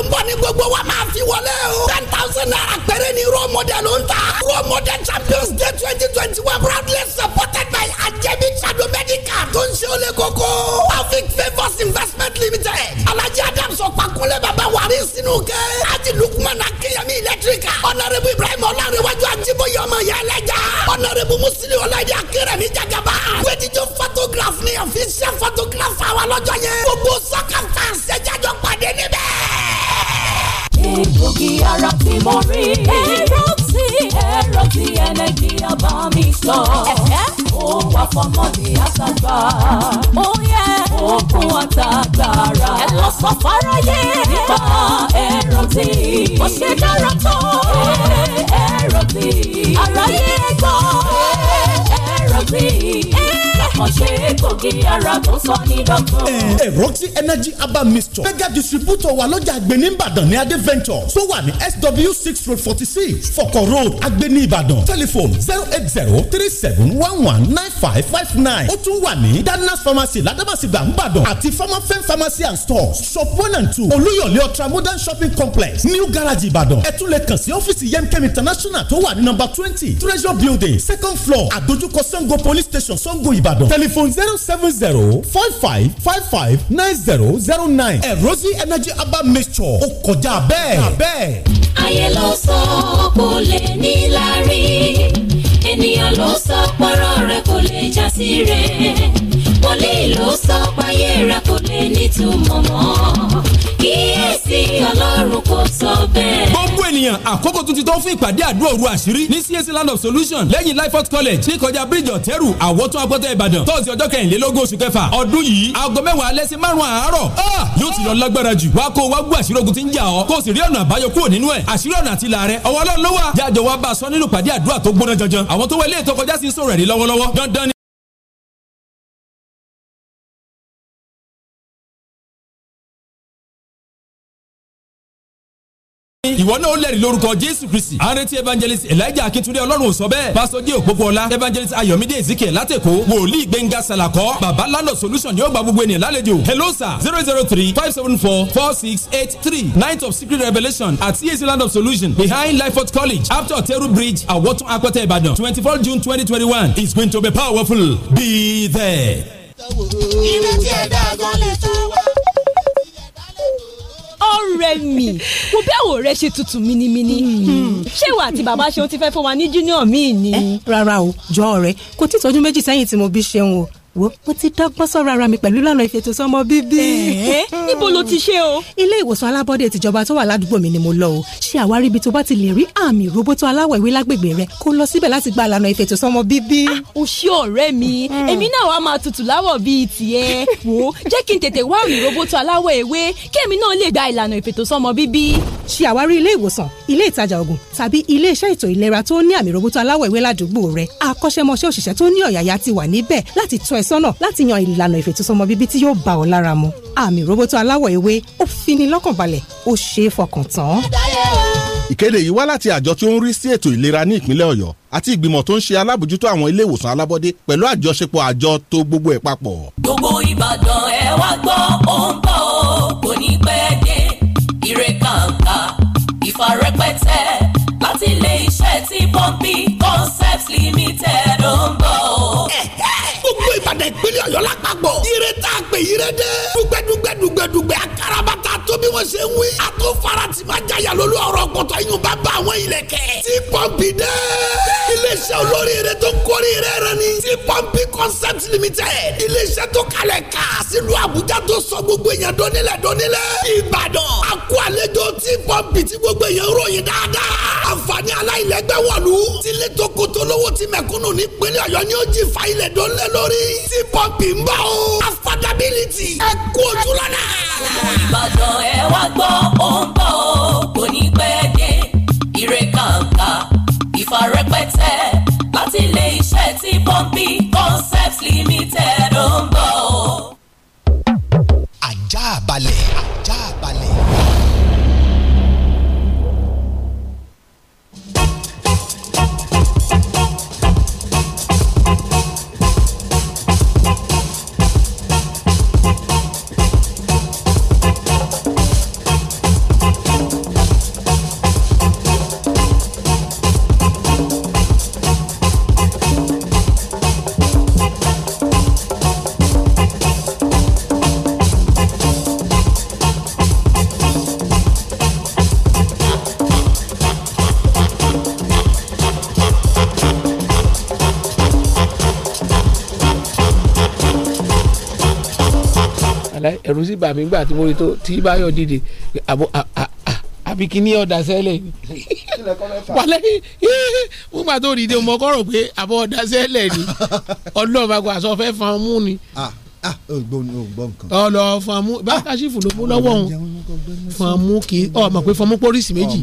gbogbo wa máa fi wọlé o. ten thousand naira péré ni role model ń ta. role model champions day twenty twenty one proudly supported by ajẹ́bí sado medical tó ń ṣe olè koko. Afik favours investment limited. Alhaji Adams Ọ̀pákúnlé bàbá wa ní sínú kẹ́. Aji Lukman Akínyẹmí electrical. Ọ̀nàrẹ́bù Ibrahim Ọ̀làrẹ̀wájú Ajíbóyè ọmọ ìyá ẹlẹ́jà. Ọ̀nàrẹ́bù Mùsùlùmí Ọ̀làdí Akérè ní Jagaba. Gbẹ̀dìjọ photograph ni official photographer wa lọ́jọ́ yẹn. Gbogbo sọ́kà fans ẹ̀jájọ́ pàdé níbẹ̀ egbògi ara tí mo rí. ẹ̀rọ tí ẹ̀rọ tí ẹnẹ́gì ọba mi sọ. ó wà fọmọdé àtàgbà. ó yẹ oògùn àtàgbàrà. ẹ lọ sọ fáráyé. nípa ẹ̀rọ tí. ó ṣe dára tó. ẹ̀rọ tí. àráyé gbọ́. ẹ̀rọ tí àkànṣe egbògi ara tó energy herbal mixture mega distributor wa lọ́jà àgbẹ̀ní Ìbàdàn ní Adé venture tó wà ní SW six road forty six Fọkọ̀ road àgbẹ̀ní Ìbàdàn telephone zero eight zero three seven one one nine five five nine ó tún wà ní danas pharmacy ládàmàsígbà ńbàdàn àti pharmafem pharmacy and stores shop one and two olúyọ̀lé ultra modern shopping complex new garage ìbàdàn ẹ tún lè kàn sí ọ́fíìsì yemkem international tó wà ní number twenty treasure building second floor àdójúkọ sango police station sango ìbàdàn telephone zero seven zero five five five five nine zero zero nine Rosy energy herbal mixture ó kọjá bẹ́ẹ̀. ayé ló sọ kò lè ní láárí ènìyàn ló sọ pọ́nrọ́ rẹ̀ kò lè já sí rẹ̀ wọ́n ló sọ páyé rẹ̀ kò lè nítumọ̀ mọ́ kíyèsí ọlọ́run kò sọ bẹ́ẹ̀. gbogbo ènìyàn àkókò tuntun tó fún ìpàdé àdúrà òru àṣírí ní CAC land of solution lẹ́yìn life fort college ní kọjá bíríjì ọ̀tẹ́rù àwọ̀tún agbọ́tẹ́ ìbàdàn tọ́sí ọjọ́ kẹrìnlélógún oṣù kẹfà ọdún yìí aago mẹ́wàá alẹ́ sí márùn-ún àárọ̀ yóò ti lọ lágbára jù wá kó wá gbọ́ àṣírí ogun tí ń jà ọ́ kó o sì rí ọ̀nà àbáyọ kúrò nínú ẹ̀ àṣírí ọ̀nà àti ìlà rẹ̀ ọwọ́ ọlọ́run ló wà jájọ wá bá a sọ nínú ìpàdé àdúrà tó gbóná janjan àwọn tó wọlé ètò kọjá sí ń sọ̀rọ̀ ẹ̀rí lọ́wọ́lọ́wọ́ dandan ni ìwọ náà ó lẹ́rìí lórúkọ jésù kristi àrètí evangelist elijah akíntúndé ọlọ́run ò sọ bẹ́ẹ̀ pásọ jí òpópóọlá evangelist ayọ̀mídé ezike látẹ̀kọ́ wòlíì gbẹ̀ngà sàlàkọ́ bàbá lánà solution ni ó gba gbogbo ènìyàn lálejò hello sir zero zero three five seven four four six eight three night of secret revelation at cac land of solution behind lifefort college after teru bridge awotun akwete ibadan twenty four june twenty twenty one is going to be powerful be there. ìrètí ẹ̀dá àgọ́ lè tó wá ọ̀rẹ́ mi mo bí àwọ̀ rẹ ṣe tutù minimini hmm. ṣé ìwà àti bàbá ṣeun ti fẹ́ fún wa ní junior mi ni. Eh, rárá o jọ ọ̀rẹ́ kò tí ìtọ́jú méjì sẹ́yìn tí mo bí ṣeun o wo mo ti dọ́gbọ́n sọ̀rọ̀ ara mi pẹ̀lú ìlànà ìfètò sọmọ bíbí. ẹ̀ẹ́ níbo ló ti ṣe o. ilé ìwòsàn alábọ́dé tìjọba tó wà ládùúgbò mi ni mo lọ o ṣé àwárí ibi tó bá ti lè rí àmì ìróbótó aláwọ̀ ìwé lágbègbè rẹ kó lọ síbẹ̀ láti gba ìlànà ìfètò sọmọ bíbí. Ah, o ṣé ọ̀rẹ́ mi hmm. èmi náà wàá máa tutù láwọ̀ bíi tiẹ̀ wò ó jẹ́ kí n tètè wá àmì ìróbótó aláwọ̀ ewé kémi náà lè gba ìlànà ìfètò sọmọ bíbí. ṣé àwárí ilé ìwòsàn ilé ìtajà ògùn tàbí ilé iṣẹ́ ètò ìlera tó ní àmì ìróbótó aláwọ̀ ewé ládùúgbò rẹ akọ́ṣẹ́mọṣẹ́ òṣìṣẹ́ tó ní ọ̀yàyà ti wà níbẹ̀ láti tọ́ ẹ sọ́nà láti yan ìlànà ìfètòsọ́mọ bíbí tí yóò bá ọ lára mu àmì roboto aláwọ̀ ewé ó fini lọ́kàn balẹ̀ ó ṣeé fọkàn tán. ìkéde yìí wá láti àjọ tí ó ń rí sí ètò ìlera ní ìpínlẹ̀ ọ̀yọ́ àti ìgbìmọ̀ tó ń ṣe alábòjútó àwọn ilé ìwòsàn alábọ́dé pẹ̀lú àjọṣepọ̀ àjọ tó gbogbo ẹ̀ papọ̀. gbogbo ìbàdàn ẹ wá gbọ́ ó ń bọ̀ ó kò ní pẹ́ dé ire kàǹkà ìfarẹ́pẹ́tẹ́ láti ilé iṣẹ́ tí pọ́ńpì concepts limited ó ń bọ̀ ó ìbàdàn ìpínlẹ̀ ọ̀yọ́ lápapọ̀ ire tá a pè ire dé dùgbẹ́dùgbẹ́dùgbẹ́dùgbẹ́ akaraba bí wọ́n ṣe ń wí. a tó fara tí ma jaya lólu ọ̀rọ̀ gbọ̀tọ̀ yín bá bá àwọn ìlẹ̀kẹ̀. ti pọ́ǹpì dẹ́. iléeṣẹ́ olórí rẹ tó ń kórè rẹ rẹ ni. ti pọ́ǹpì concept limited. iléeṣẹ́ tó kalẹ̀ ká sílùú àbújá tó sọ gbogbo èèyàn dọ́nilẹ̀ dọ́nilẹ̀. ìbàdàn a kó àlejò ti pọ́ǹpì tí gbogbo èèyàn ròyìn dáadáa. àǹfààní aláìlẹ́gbẹ́ wọ̀lú. tilé tó koto lówó ti mẹ̀kúnnù nípínlẹ̀ ọ̀yọ́ ni ó jì fa ilẹ̀ dọ́nilẹ̀ lórí. ti pọ́ǹpì ń bọ̀ o. affordability ẹ kú ẹ ẹ wá gbọ́ ó ń bọ̀ ó kò ní pẹ́ dé ire kàǹkà ìfarẹ́pẹ́tẹ́ concepts limited ó ń bọ̀ ajá balẹ̀ ajá balẹ̀. gbà mí gbà tí mo rí tó tí báyọ̀ dìde àbò àbí kí ní ọ̀dà sẹ́lẹ̀ ni wàlẹ́ mo gbà tó dìde mo kọ́rọ̀ pé àbọ̀ ọ̀dà sẹ́lẹ̀ ni ọlọ́run bá gba àṣọ fẹ́ fan mú ni. ọlọ fan mú bákan ṣì fún lówó lọ́wọ́ òun fan mú kì í ọ mọ̀ pé fan mú pólísì méjì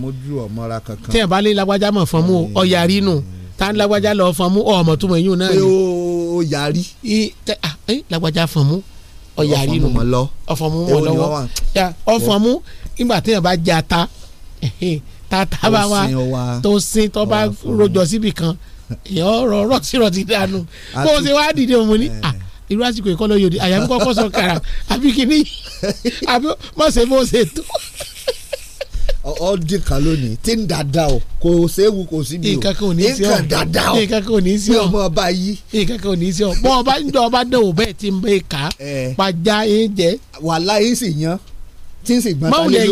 tí ẹ̀ bá lé lágbájá mọ̀ fan mú eh. ọ̀yàrí nù tá lágbájá lọ fan mú ọmọ tó mọ eyín náà. pé ó yarí. làgbàjá fan mú ọ̀yàrí nù ọ̀fọ̀mù wọn lọ́wọ́ ọ̀fọ̀mù nígbà téèyàn bá jẹ ata tata bá wa tó sin tó bá rojọ síbì kan èèyàn ọ̀rọ̀ rọ̀tìrọ̀tì dànù bó o ṣe wá dìde òun ni eh. irú àsìkò ìkọlọ yòdì àyàfi kọ́kọ́ sọ kàrà àbí kìíní àbí mọ̀ọ́sẹ̀ bó o ṣe tó ọdín kan lónìí tí ń dada o kò séwu kò síbi o ìkankan ò ní sí ọ ìkankan ò ní sí ọ ọmọ ọba yìí ìkankan ò ní sí ọ bọ ọba ń dọ ọba dẹ òbẹ tí ń bẹ ká pàjá ẹ jẹ. wàhálà yìí sì yan tí ń sì gbọ́n tálẹ́ lórí.